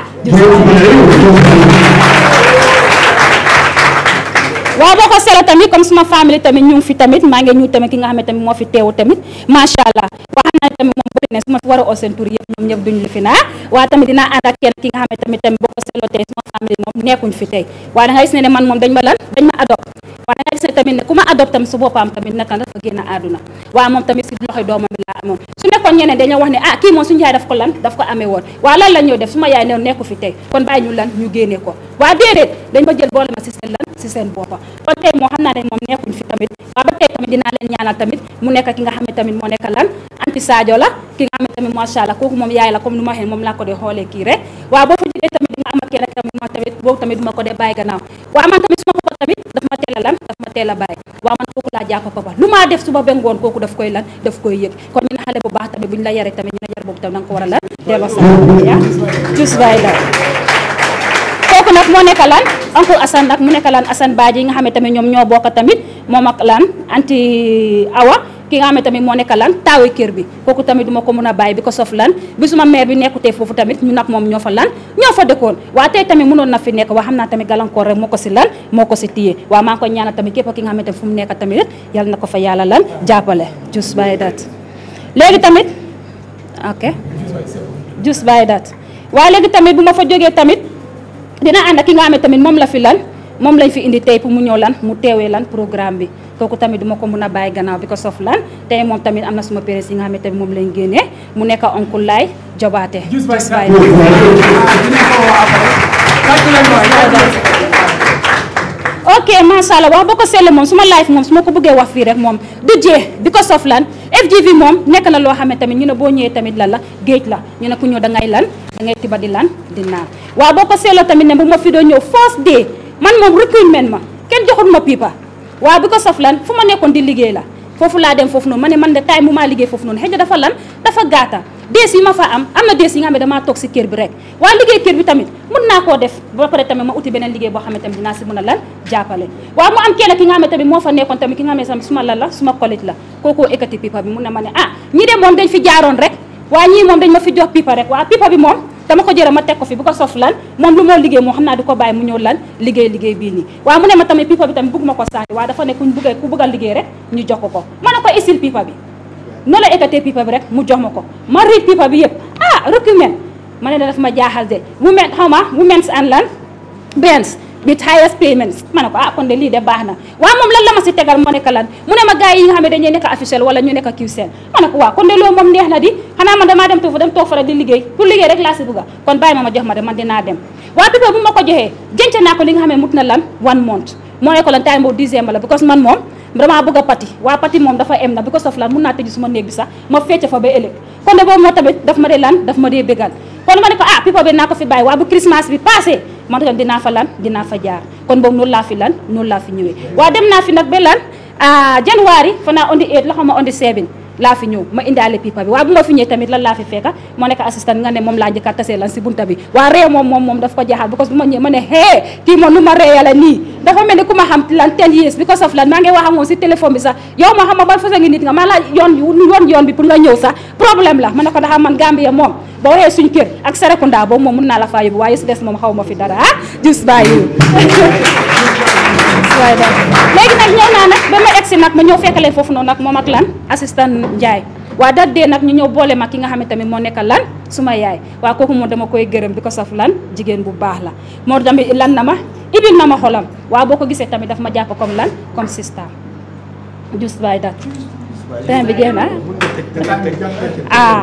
waaw boo ko seetloo tamit comme suma famille tamit ñu fi tamit maa ngi ñu tamit ki nga xam ne tamit moo fi teewu tamit macha allah tamit moom bëri na su ma fi war a oo seen tur yëpp ñoom fi naa waaye tamit dinaa ànd ak kenn ki nga xam ne tamit tamit boo ko seetloo tey tamit ne ku ma génn àdduna waaye moom tamit si loxoy doomam laa amoon su nekkoon ñeneen dañoo wax ne ah kii moom suñu yaay daf ko lan daf ko amee woon waaye lan la def su ma yaay neew nekku fi tey kon bàyyi ñu lan ñu génne ko waaye déedéet dañ ma jël boole ma seen lan si seen boppam kon tey moo xam naa ne moom nekkuñ tamit dinaa leen ñaanal tamit mu nekk ki nga xam ne tamit moo nekk lan anti la ki nga xam ne tamit macha allah kooku moom yaay la comme nu ma waxee moom ko dee bàyyi gannaaw waaw man tamit su papa tamit daf ma teel a lan daf ma teel a bàyyi waaw man kooku laa jàpp papa lu maa def suba ba ngoon kooku daf koy lan daf koy yëg kon ñu ne xale bu baax tamit bu ñu la yaree tamit ñu ne yar boobu tamit na ko war a lan delloo sa yaa just bàyyi la kooku nag moo nekk lan oncle Assane ak mu nekk lan Assane Badji yi nga tamit ñoom bokk tamit ak lan anti awa ki nga xam ne tamit moo nekk lan taawe kër bi kooku tamit duma ko bi ko sof lan bi suma maire bi nekkutee foofu tamit ñu nag moom ñoo fa lan ñoo fa dëkkoon tamit mënoon na fi nekk waa xam naa tamit gàllankoor rek moo ko lan moo ko si téye waa maa ñaanal tamit képp ki nga xam ne tamit fu mu nekk tamit fa lan just by that léegi tamit ok just by that waaye léegi tamit bu fa jógee tamit dina ànd ak ki nga xam ne tamit moom la fi lan moom lañ fi indi tey pour mu ñëw lan mu teewee lan programme bi kooku tamit duma ko mun a bàyyi gannaaw bi ko sof lan moom tamit am na suma pérés yi nga xam ne moom lañ génnee mu nekk oncle laay jobaate just by ok macha la wax boo ko seetlee moom su ma life moom su ma ko bëggee wax fii rek moom du jee bi ko sof lan FGV moom nekk na loo xam ne tamit ñu ne boo ñëwee tamit lan la géej la ñu ne ku ñëw dangay lan da ngay tiba di lan di naan waaw boo ko seetloo tamit ne bu ma fi doon ñëw force de man moom recrutement ma kenn joxut ma pipa waaw bi ko saf lan fu ma nekkoon di liggéey la foofu laa dem foofu noonu ma ne man de taay mu foofu noonu xëy na dafa lan dafa gaata dees yi ma fa am am na toog si kër bi rek waa liggéey kër bi tamit mun naa koo def ba pare tamit ma uti beneen liggéey boo xam ne tamit dinaa si mun a lan jàppale waaw mu am kenn ki nga xam tamit moo fa nekkoon tamit ki nga xam suma lan la suma collège la kooku ekkati pipa ah, jaaroon rek waa ñii moom dañ ma fi jox pipa rek waa pipa bi moom dama ko jëlee ma teg ko fi bu ko sof lan moom lu moo liggéey moo xam naa di ko bàyyi mu ñëw lan liggéey liggéey bii nii waa mu ne ma tamit pipa bi tamit bëgg ma ko sànni waa dafa ne kuñ bëgg ku bëgg a liggéey rek ñu jox ko ko ma ne ko isil pipa bi noo la écarté pipa bi rek mu jox ma ko ma riit pipa bi yëpp ah recrutement ma ne na daf ma jaaxal de women xaw ma women's and lan benns with ah, highest na waaw moom lan la ma si tegal mu bu ma ko joxee jënc naa ko li nga xam mut na lan one month moo nekk lan time boobu dixième la because man moom vraiment bëgg a pati waa pati moom dafa em na because of lan mun naa tëju suma néeg bi sax ma fecc fa ba ëllëg kon boobu moo tamit daf ma dee lan daf ma dee bégal kon ma ne ah pipa bi naa ko fi bàyyi waa bu Christmas bi passé man ren dinaa fa lan dinaa fa jaar kon boobu noonu laa fi lan noonu laa fi ñëwee waaw dem naa fi nag ba lan ah, januari fanaa ondi eight la xama ondi seven laa fi ñëw ma indaale pipa bi waaye bu ma fi ñëwee tamit la laa fi fekka moo nekk assistant nga ne moom laa njëkk a tasee lan si bunta bi waa ree moom moom moom daf ko jaaxal because ne ku ma xam lan ten years because of lan maa ngi wax si téléphone bi sax yow ma xam ma ban façon ngi nit nga maa laa yoon yoon yoon bi pour nga ñëw sax problème la ma ne ko ndax man Gambia moom boo waree suñ kër ak Serekunda boobu moom mun naa la faa yóbbu waaye su des moom xaw ma fi dara ah, [LAUGHS] waaye léegi nag ñëw naa nag ba ma egsi nag ma ñëw fekkale foofu noonu nag moom ak lan assistant Ndiaye waa dat dee nag ñu ñëw boole mag ki nga xam ne tamit moo nekka lan suma yaay waa kooku moom dama koy gërëm bi ko saf lan jigéen bu baax la moo tamit lan na ma ibil na ma xolam waa boo ko gisee tamit daf ma jàpp comme lan comme système just by that temps bi jeex na ah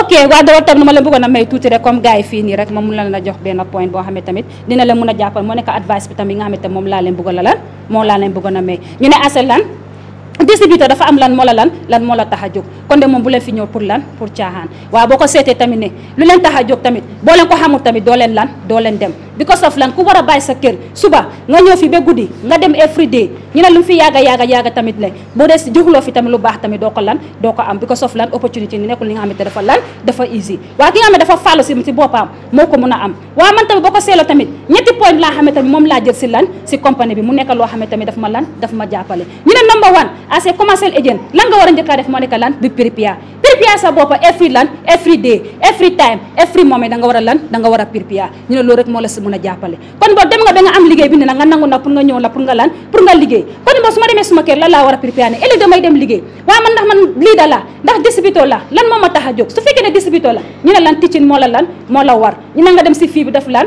ok waaw dama tam nu ma la bëggoon a may tuuti rek comme gars yi fii nii rek ma mun la leen a jox benn point boo xam ne tamit dina la mun a jàppal moo nekk advice bi tamit nga xam ne moom laa leen bëggoon a lan moom laa leen bëggoon a may ñu ne asal lan distributeur dafa am lan moo la lan lan moo la tax a jóg kon de moom bu leen fi ñëw pour lan pour caaxaan waaw boo ko seetee tamit ne lu leen tax a jóg tamit boo leen ko xamul tamit doo leen lan doo leen dem bi ko sof lan ku war a bàyyi sa kër suba nga ñëw fi guddi nga dem every lu mu fi yaaga yaaga yaaga tamit ne boo dee jógloo fi tamit lu baax tamit doo ko lan doo ko am bi ko sof lan opportunité ni nekkul li nga xamante dafa lan dafa easy waaw ki nga xam ne dafa fàllu si si boppam moo ko mun a am waaw man tamit boo ko seetloo tamit ñetti point laa xam ne tamit moom laa jël si lan si compagnie bi mu nekk loo xam ne tamit daf ma lan daf ma jàppale ñu ne number one assez commencé agent lan nga war a njëkk a def moo nekk lan bi sa every lan every day every time every moment da nga war lan da nga war a prépare ñu ne rek la kon bo dem nga ba nga am liggéey bi ne na nga nangu na pour nga la pour nga lan pour kon bo su ma suma kër lan laa war a prépare ne ëllëg dem liggéey waaye man ndax man li da la ndax disibito la lan moo ma tax a su fekkee ne disibito la ñu lan teaching la lan war ñu ne nga dem si fii bi def lan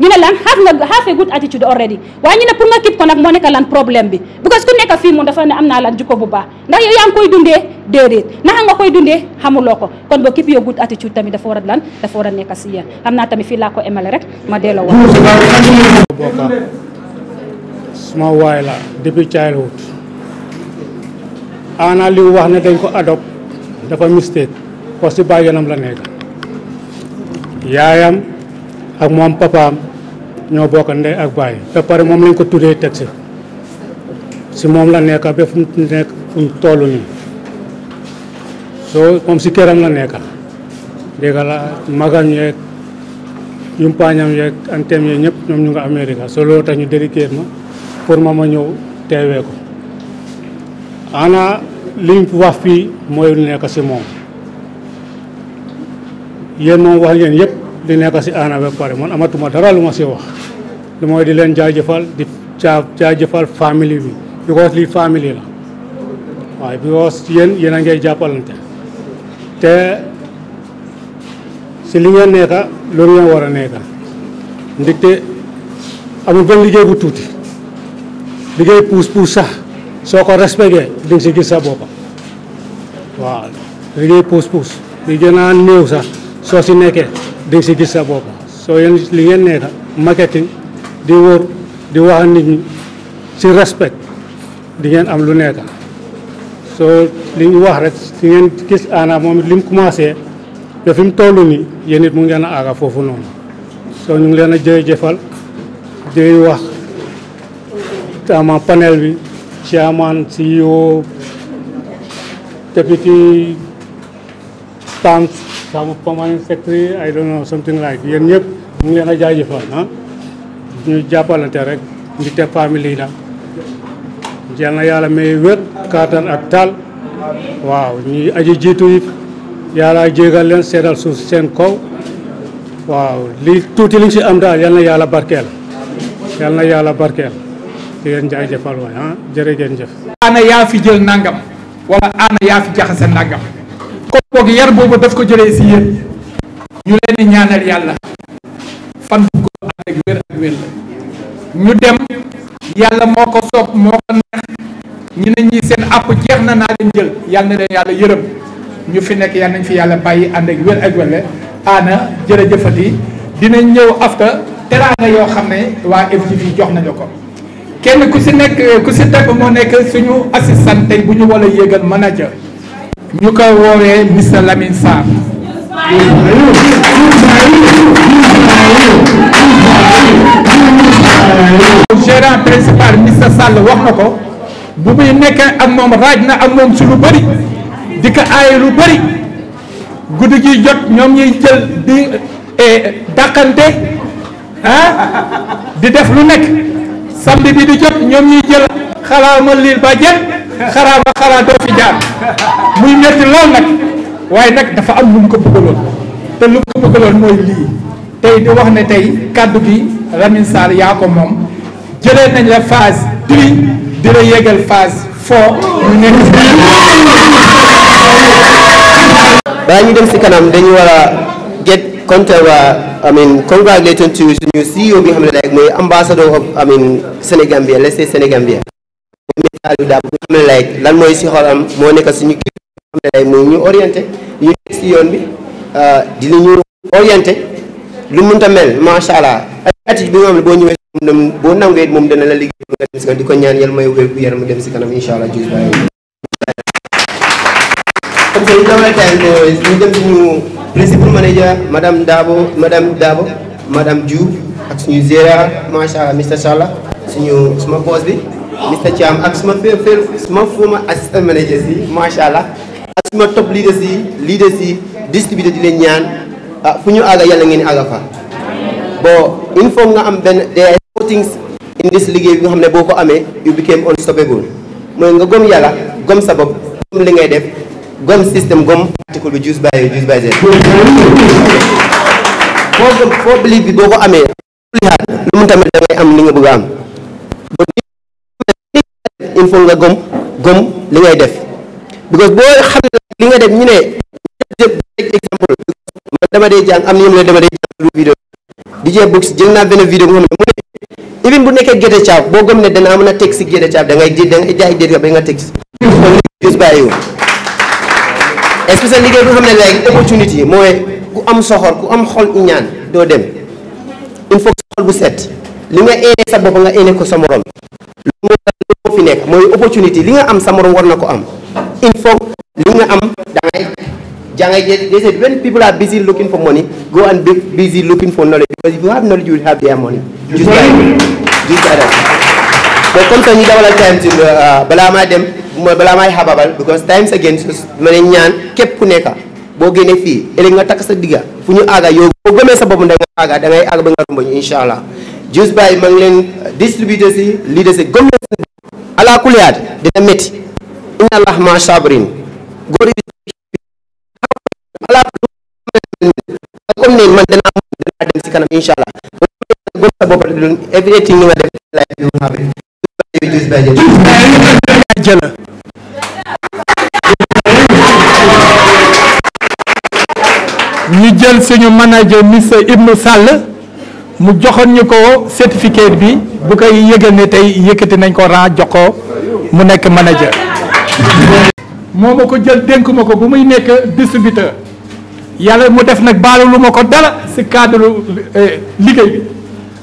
ñu ne lan have nga have a good attitude already waaye ñu ne pour nga keep ko nag moo nekk lan problème bi because ku nekk fi mo dafa ne amna lan jikko bu baax ndax yow yang koy dundé dédét nak nga koy dundé xamuloo kon bo kip yo good attitude tamit dafa war lan dafa wara a nekk si amna tamit fi la ko emale rek ma délo wa sama way la depuis childhood ana li wax ne dañ ko adopt dafa mistake ko ci bayanam la nekk yaayam ak moom papaam ñoo bokk ndey ak baay ba paré mom lañ ko tuddee teg ci si moom la nekk ba fu nekk fu mu ni so comme si kéram la nekk dégg la magam yeeg pañam yeeg antem yeeg ñep ñom ñu nga Amérique so lo tax ñu dédiqué ma pour ma ma ñëw teewee ko ana liñ wax fi moy lu nekk ci mom yéen mo wax yeen yépp di nekka si aana ba pare man amatuma dara lu ma si wax lu mooy di leen jaajëfal di jaa jaajëfal famille bi because lii famille la waaye because yéen yéen a ngay jàppalante te si li ngeen nekka loolu ngeen war a nekka ndigte amul benn liggéey bu tuuti liggéey puus puus sax soo ko respecté di nga si gis sa boppa waaw liggéey puus puus li gën néew sax soo si nekkee dengan si gis sa bopp soo yéen li ngeen marketing di wër di wax nit ñi si respect di ngeen am lu nekk soo li ñu wax rek si ngeen gis ana lim commencé ya, fi ya film toll nii yéen ya it mu ngeen a aaga foofu noonu soo ñu ngi leen a jëjëfal di wax panel bi chairman CEO deputy thanks some permanent ay I don't know something like yéen ñëpp ñu ngi leen a jaajëfal ah ñu jàppalante rek ñu te la jël na yàlla may wér kàttan ak taal waaw ñi aji jiitu it yàlla jégal leen seedal suuf seen kaw waaw li tuuti liñ si am daal yal na yàlla barkeel yal na yàlla barkeel di leen jaajëfal waay ah jërë ngeen jëf. ana yaa fi jël nangam wala ana yaa jaxase nangam. kooku yar boobu daf ko jëlee si yéen ñu leen di ñaanal yàlla fan bu ànd ak wér ak wér la ñu dem yàlla moo ko soob moo ko neex ñi ne ñi seen àpp jeex na naa leen jël yàlla na leen yàlla yërëm ñu fi nekk yàlla nañ fi yàlla bàyyi ànd ak wér ak wér la aana jërëjëfati dinañ ñëw afta teraanga yoo xam ne waa FGV jox nañu ko kenn ku si nekk ku si teg moo nekk suñu assistant tey bu ñu wala yéegal manager ñu koy woowee monsieur Lamine Sarr gérant principal monsieur Sall wax na ko bu muy nekkee ak moom raaj na ak moom ci lu bëri di aaye lu bari guddi gi jot ñoom ñuy jël di eh, dàqante ah di def lu nekk samedi bi di jot ñoom ñuy jël xalaamal liil ba jël xaraa ba xaraa muy métti lool nag waaye nag dafa am lu mu ko bëggaloon te lu mu ko bëggaloon mooy lii tey di wax ne tey kàddu bi Lamine Sarr yaa ko moom jëlee nañ la phase tri di la yéegal phase foo ñu nekk baa ñu dem si kanam dañu war a get contawa I mean, congratulations to you, CEO, Mohamed, like my ambassador of, I mean, Senegambia, let's say Senegambia. yu daa bëgg xam lan mooy si xolam moo nekk suñu kii xam ñu orienté ñu teg yoon bi euh, dina ñu orienté lu mënta mel macha allah ay attitude bi nga xam ne boo ñëwee moom nangee moom dana la liggéey nga dem si kanam di ko ñaan yàlla may wér gu yaram dem si kanam incha allah jus bàyyi comme ça ñu dawla time booy ñu principal manager madame Dabo madame Dabo madame Diouf ak suñu Zéra macha allah Mister Sala suñu suma boss bi Mr. Thiam ak suma suma former assistant managers yi macha allah ak suma top leaders yi leaders yi distribué di leen ñaan ah fu ñu àgga yàlla ngeen àgga fa bon il nga am benn des things in liggéey bi nga xam ne boo ko amee you became unstoppable mooy nga gom yàlla gom sa bopp gom li ngay def gom système gom article bi juice by juice by zero foo gom foo believe bi boo ko amee lu mu tamit da ngay am li nga bëgg am il faut nga gëm gëm li ngay def because boo xam ne li nga def ñu ne exemple man dama dee jàng am na ñu ne dama dee jàng vidéo DJ Books jël naa benn vidéo nga mu ne even bu nekkee géte caaf boo gëm ne danaa mën a teg si géte caaf da ngay da ngay jaay déet ba nga teg si gis bàyyiwu especially liggéey xam ne léegi opportunité mooy ku am soxor ku am xol ñaan doo dem il faut xol bu set li nga éene sa bopp nga éene ko sa morom fi nekk mooy opportunité li nga am sa morom war na ko am il faut li nga am da ngay jàngay they said when people are busy looking for money go and be busy looking for knowledge because if you have knowledge you will have their money just comme ça ñu dawalal time si uh, balaa maa dem balaa maay xababal because times again ma ne ñaan képp ku nekka boo génnee fii ëllëg nga takk sa digga fu ñu aaga yow boo gëmee sa bopp da nga aaga da ngay aaga ba nga romb ñu incha allah just by ma ala kuliyaat dina métti inna allah ma sabirin góor yi comme ne man danaa danaa dem si kanam incha allah gëm sa bopp everything ni nga def lay bi ñu jël suñu manager monsieur Ibnu Sall mu joxoon ñu ko certificat bi bu koy yëgal ne tey yëkkati nañ ko rang jox ko mu nekk manager moo ma ko jël dénkuma ma ko bu muy nekk distributeur yàlla mu def nag baalu lu ma ko dara si cadre eh, liggéey bi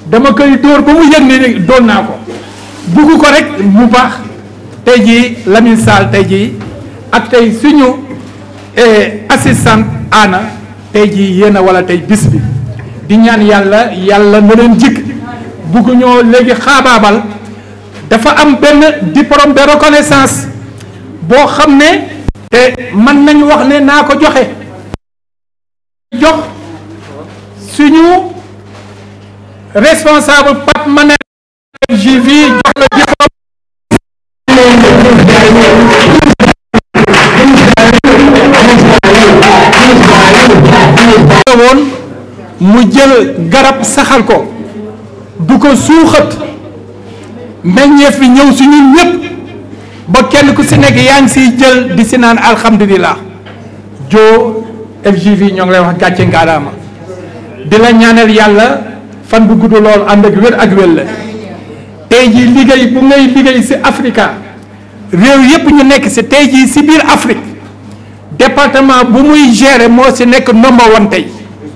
dama koy dóor ba mu yëg ni doon naa ko bugg ko rek mu baax tey jii Lamine Sall tey jii ak tey suñu eh, assistante Anna tey jii yéen a wala tey bis bi di ñaan yàlla yàlla na leen jikk bugg ñoo léegi xaabaabal dafa am benn diplôme de reconnaissance boo xam ne te mën nañ wax ne naa ko joxe jox suñu responsable Pape Mané JV jox la diplôme woon mu jël garab saxal ko du ko suuxat meññeef bi ñëw si ñun ñëpp ba kenn ku si nekk yaa ngi siy jël di si naan alhamdulilah joo FGV ñoo ngi lay wax gàcce ngaalaama di la ñaanal yàlla fan bu gudd lool ànd ak wér ak wér la tey jii liggéey bu ngay liggéey si Africa réew yépp ñu nekk si tey jii si biir Afrique département bu muy gérer moo si nekk number one tey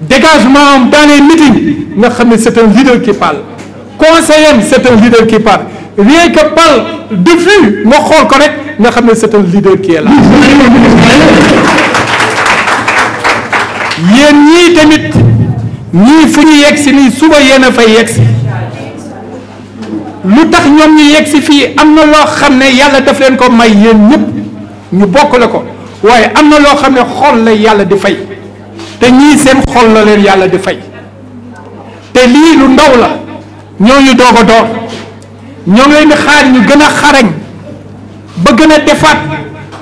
dégagement dans les meetings nga xam un leader qui parle conseiller c'est un leader qui parle rien que parle de vue nga xool ko rek nga un leader qui est là. Il ñii tamit ni fu ñu yegg ni nii suba yéen fa yex. yegg si lu ñu yegg si fii am na loo daf leen ko may yéen ñëpp ñu bokk la ko waaye am na loo le ne xool la di fay. te ñii seen xol la leen yàlla di fay te lii lu ndaw la ñooñu doog a door ñoo ngi leen di xaar ñu gën a xarañ ba gën a defaat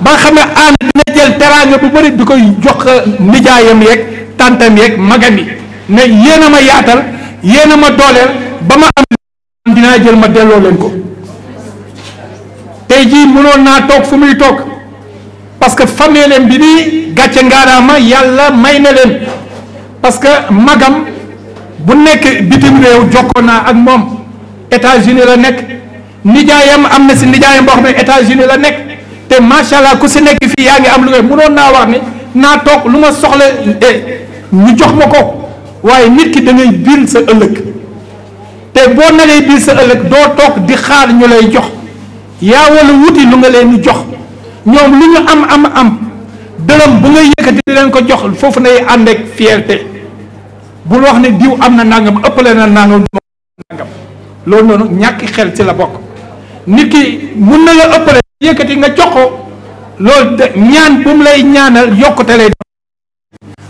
ba nga xam ne ànd dina jël teraanga bu bari di koy jox nijaayam yeeg tàntam yeeg magam yi ne yéen a ma yaatal yéen a ma dooleel ba ma am dinaa jël ma delloo leen ko tey jii mënoon naa toog fu muy toog. parce que fameelam bi nii gàcce ngaaraama yàlla may na leen parce que magam bu nekk bitim réew jokkoo naa ak moom États-Unis la nekk nijaayam am na si nijaayam boo xam ne États-Unis la nekk te macha allah ku si nekk fii yaa ngi am lu ngay mënoon naa wax ni naa toog lu ma soxla eh, ñu jox ma ko waaye nit ki da ngay sa ëllëg te boo naree biil sa ëllëg doo toog di xaar ñu lay jox yaa wala wuti lu nga leen di jox. ñoom lu ñu am am am dërëm bu nga yëkkati di leen ko jox foofu nay ànd ak bul wax ne diw am na nangam ëppale na nangam nangam loolu ñàkk xel ci la bokk nit ki mun na la ëppale yëkkati nga jox ko loolu de ñaan bu mu lay ñaanal yokkute lay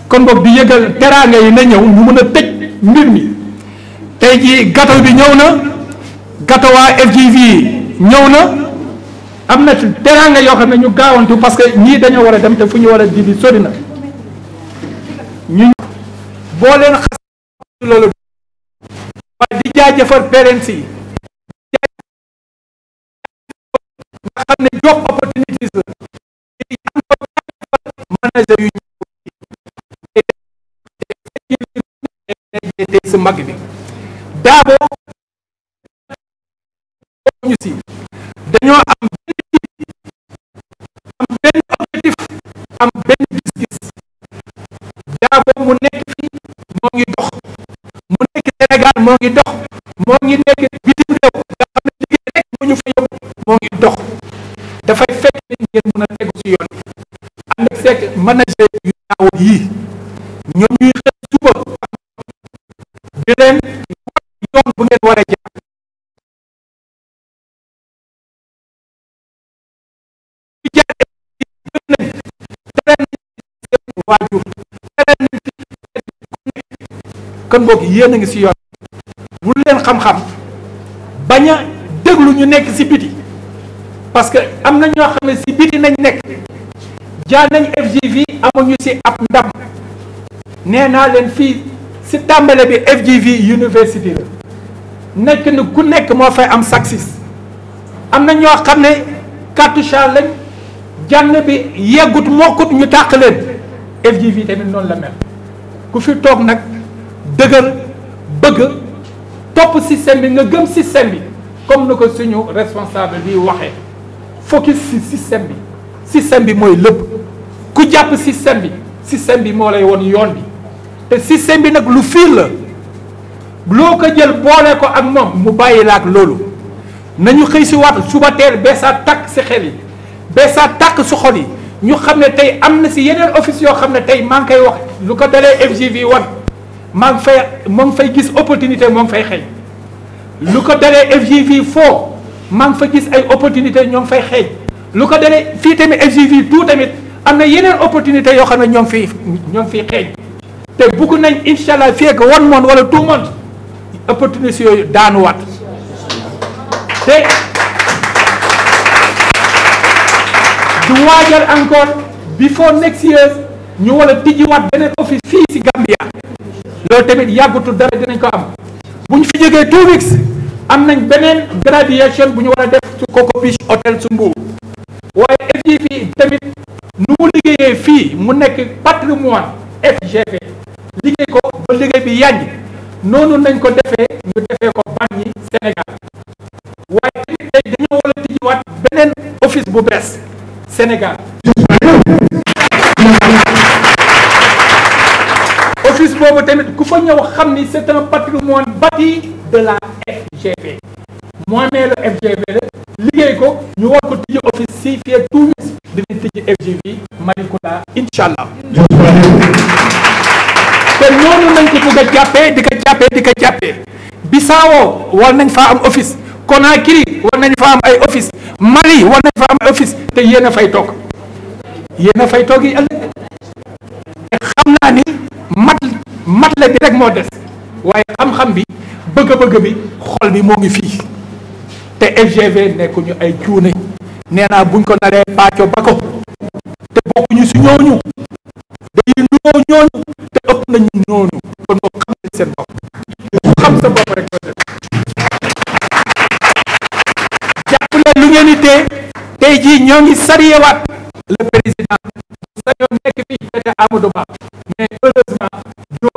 kon boobu di yëgal teraanga yi na ñëw ñu mën a tëj mbir mi tey jii gâteau bi ñëw na gâteau waa FGV ñëw na am na teraanga yoo xam ne ñu gaawantu parce que ñii dañoo war a dem te fu ñu war a jibi sori na ñu boo leen xas nga xam ne job opportunities la si mag bi daaboo ñu si dañoo am diaspora boobu mu nekk fii moo ngi dox mu nekk Sénégal moo ngi dox moo ngi nekk bitim réew nga xam ne liggéey rek moo ñu fa yóbbu moo ngi dox dafay fekk nit ngeen mën a tegu ci yoon ànd ak fekk manager yu ñaaw yi ñoom ñuy xëy suba di leen kon vous yéen a ngi si yoon bu leen xam-xam bañ a ñu nekk si biti parce que am na ñoo xam ne biti nañ nekk jaar nañ FGV amuñu si ab ndam nee naa leen fii si bi FGV University. la nekk ku nekk moo fay am am na ñoo xam ne lañ jànn bi yeggut ñu leen FGV tamit noonu la mel ku fi toog dëgër bëgg topp système bi nga gëm système bi comme na ko suñu responsable bi waxee focus ci système bi système bi mooy lépp ku jàpp système bi système bi moo lay won yoon bi te système bi nag lu fiir la loo ko jël boole ko ak moom mu bàyyi la ak loolu nañu xëy si waat suba teel beesaat takk si xel yi sa takk si xol yi ñu xam ne tey am na si yeneen office yoo xam ne tey maa ngi koy wax lu ko dalee FGV wan maa ngi fay moo fay gis opportunité moom fay xeeñ lu ko dalee FGV foo maa ngi fa gis ay opportunité ñoom fay xeeñ lu ko dalee fii tamit FGV tout tamit am na yeneen opportunité yoo xam ne ñoom ngi ñoo ngi fiy xeeñ te bugg nañ incha allah fii ak one month wala two months opportunité yooyu daanuwaat te du waajal encore before next year ñu war a tijjiwaat beneen office fii si Gambia. loolu tamit yàggutul dara dinañ ko am bu ñu fi jógee two weeks am nañ beneen graduation bu ñu war a def ci Coco Beach Hotel su Mbuur waaye FGV tamit nu mu liggéeyee fii mu nekk patrimoine FGV liggéey ko ba liggéey bi yànj noonu nañ ko defee ñu defee ko banque yi Sénégal waaye tamit tey dañoo war a beneen office bu bees Sénégal boobu tamit ku fa ñëw xam ni c'est un patrimoine bâti de la FGV moomeelu FGV la liggéey ko ñu war ko tijji office si fii Tunis dinañ tijji FGV Malikounda incha allah. te noonu nañ ko bugg a jàppee di ko jàppee di ko jàppee Bissau war nañ faa am office Conakry war nañ faa am ay office Mali war nañ faa am office te yéen a fay toog yéen fay toog yi ëllëg te xam naa ni. matale bi rek moo des waaye xam-xam bi bëgg-bëgg bi xol bi moo ngi fii te FGV nekkuñu ay cuune nee naa buñ ko naree pàcco ba ko te bokkuñu si ñooñu dañuy nuroo ñooñu te ëpp nañu ñooñu kon boo xam seen bopp sa bopp rek def jàpp leen lu ngeen di tey jii ñoo ngi sariyewaat le président sa yoon nekk fii jete Amadou Ba mais heureusement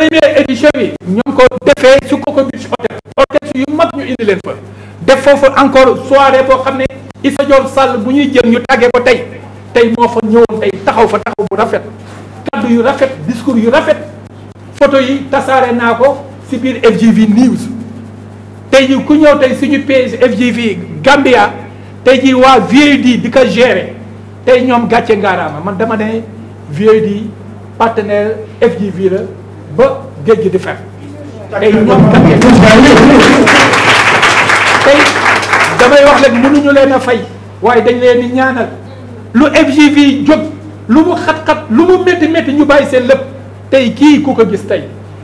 première édition bi ñoo ko defee su ko ko biir hôtel hôtel yu mag ñu indi leen fa def foofu encore soirée boo xam ne Issa Dior Sall bu ñuy jëm ñu tàggee ko tey tey moo fa ñëwoon tey taxaw fa taxaw bu rafet kaddu yu rafet discours yu rafet photo yi tasaare naa ko si FGV News tey ji ku ñëw tey suñu page FGV Gambia tey ji waa VOD di ko gérer tey ñoom gàcce ngaaraama man dama ne VOD partenaire FGV la ba géej gi di fer tey ñoom tamit tey damay wax rek leen a fay waaye dañ leen di ñaanal lu FGV jóg lu mu xat-xat lu mu métti métti ñu bàyyi seen lépp tey kii ku ko gis tey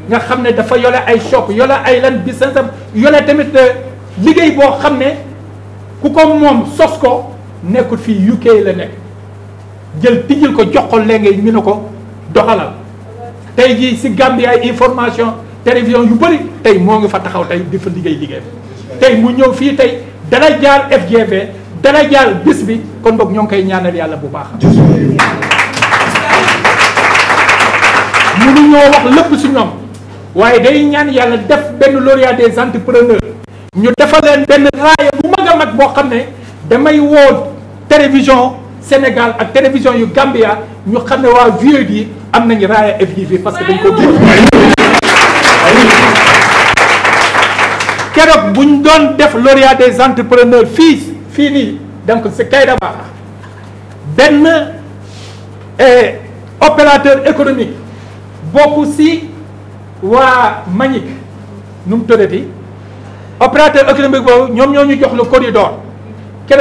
nga xam ne dafa yole ay choc yole ay lan bi sansam yole tamit euh, liggéey boo xam ne ku ko moom sos ko nekkul fii UK la nekk jël tijjil ko jox ko léegi ñu ne ko doxalal tay dit si gambia ay information télévision yu bari tay mo nga fa taxaw tay def des gars, tay mu ñew fi tay jaar FGV jaar bis kon bok ñong ñaanal yalla bu baax. ñu ñoo wax lepp des waye day ñaan des ñu bu mag bo télévision. Sénégal la télévision yu Gambia nous avons vu waa VOD FGV parce que dañ ko des entrepreneurs fils, fini, dans donc c'est eh, opérateur économique beaucoup si waa nous te opérateur économique nous avons le corridor quel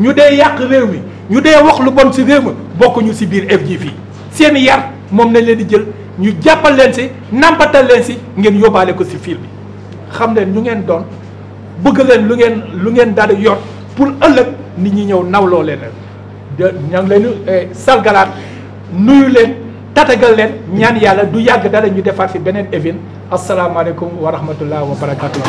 ñu dee yàq réew mi ñu dee wax lu bon si réew mi bokk si biir FGV fii seen yar moom nañ leen di jël ñu jàppal leen si nàmpatal leen si ngeen yóbbaale ko si fii bi xam leen ñu ngeen doon bëgg leen lu ngeen lu ngeen daal yor pour ëllëg nit ñi ñëw nawloo leen leen ña ngi leen eh, salgalaat nuyu leen tatagal leen ñaan yàlla du yàgg dala ñu defaat fi beneen évin asalaamaaleykum wa rahmatullah wa barakatu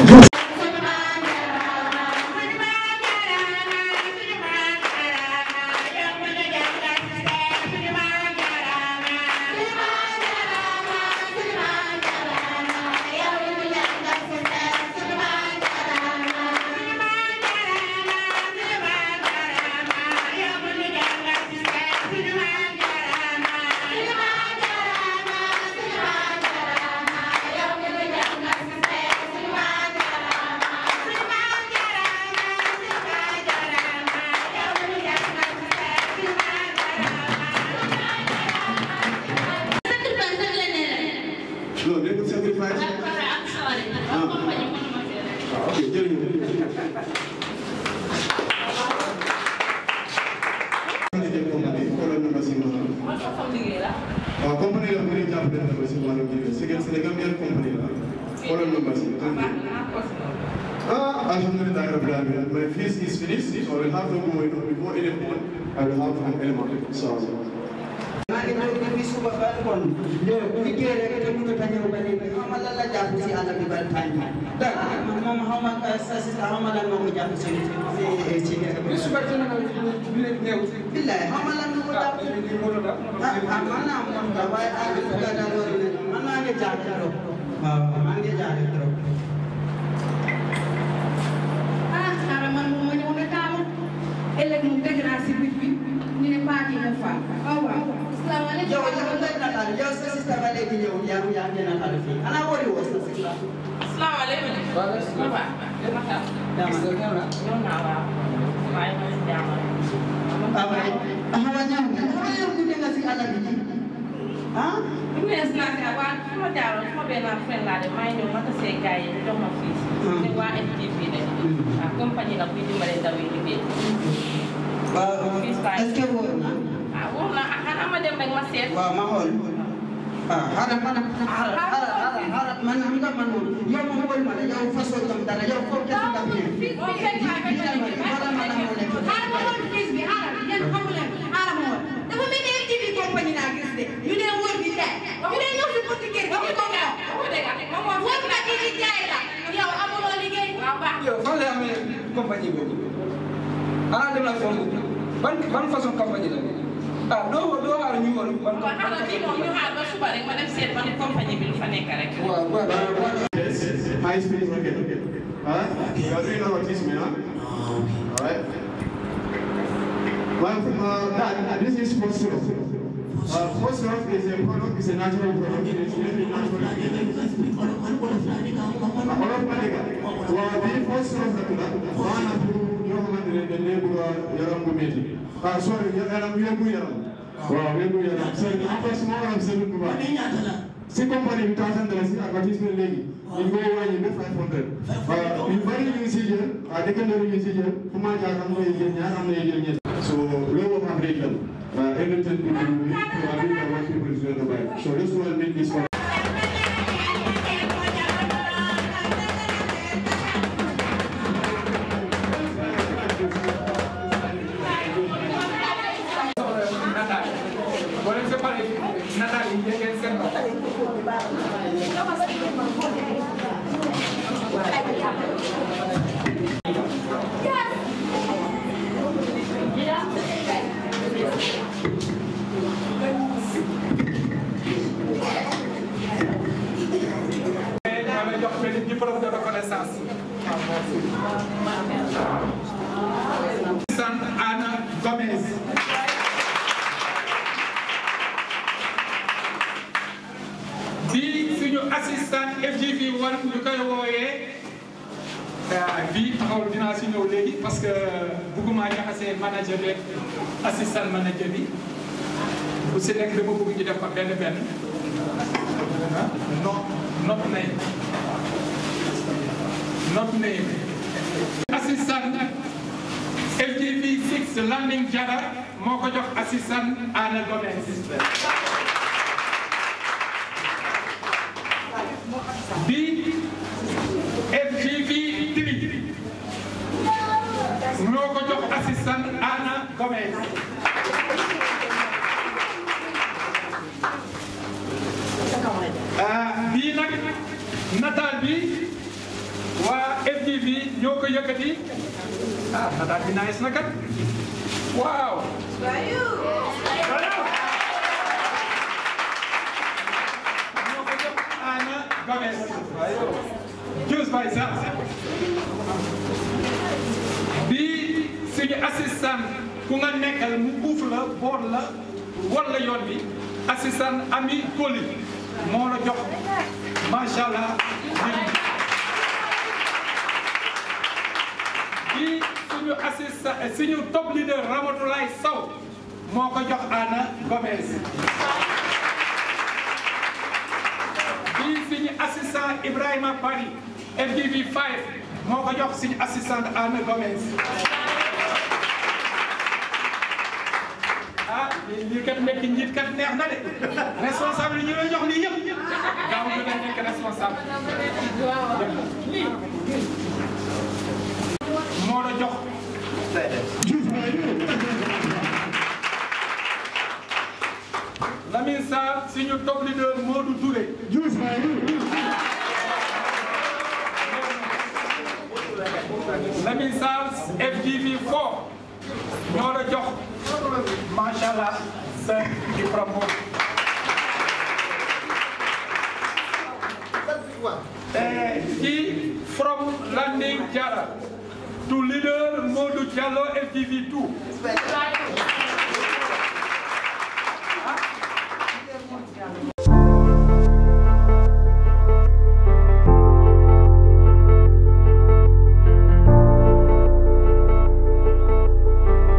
people, uh, everything people will need to have people is going to buy. So this will make this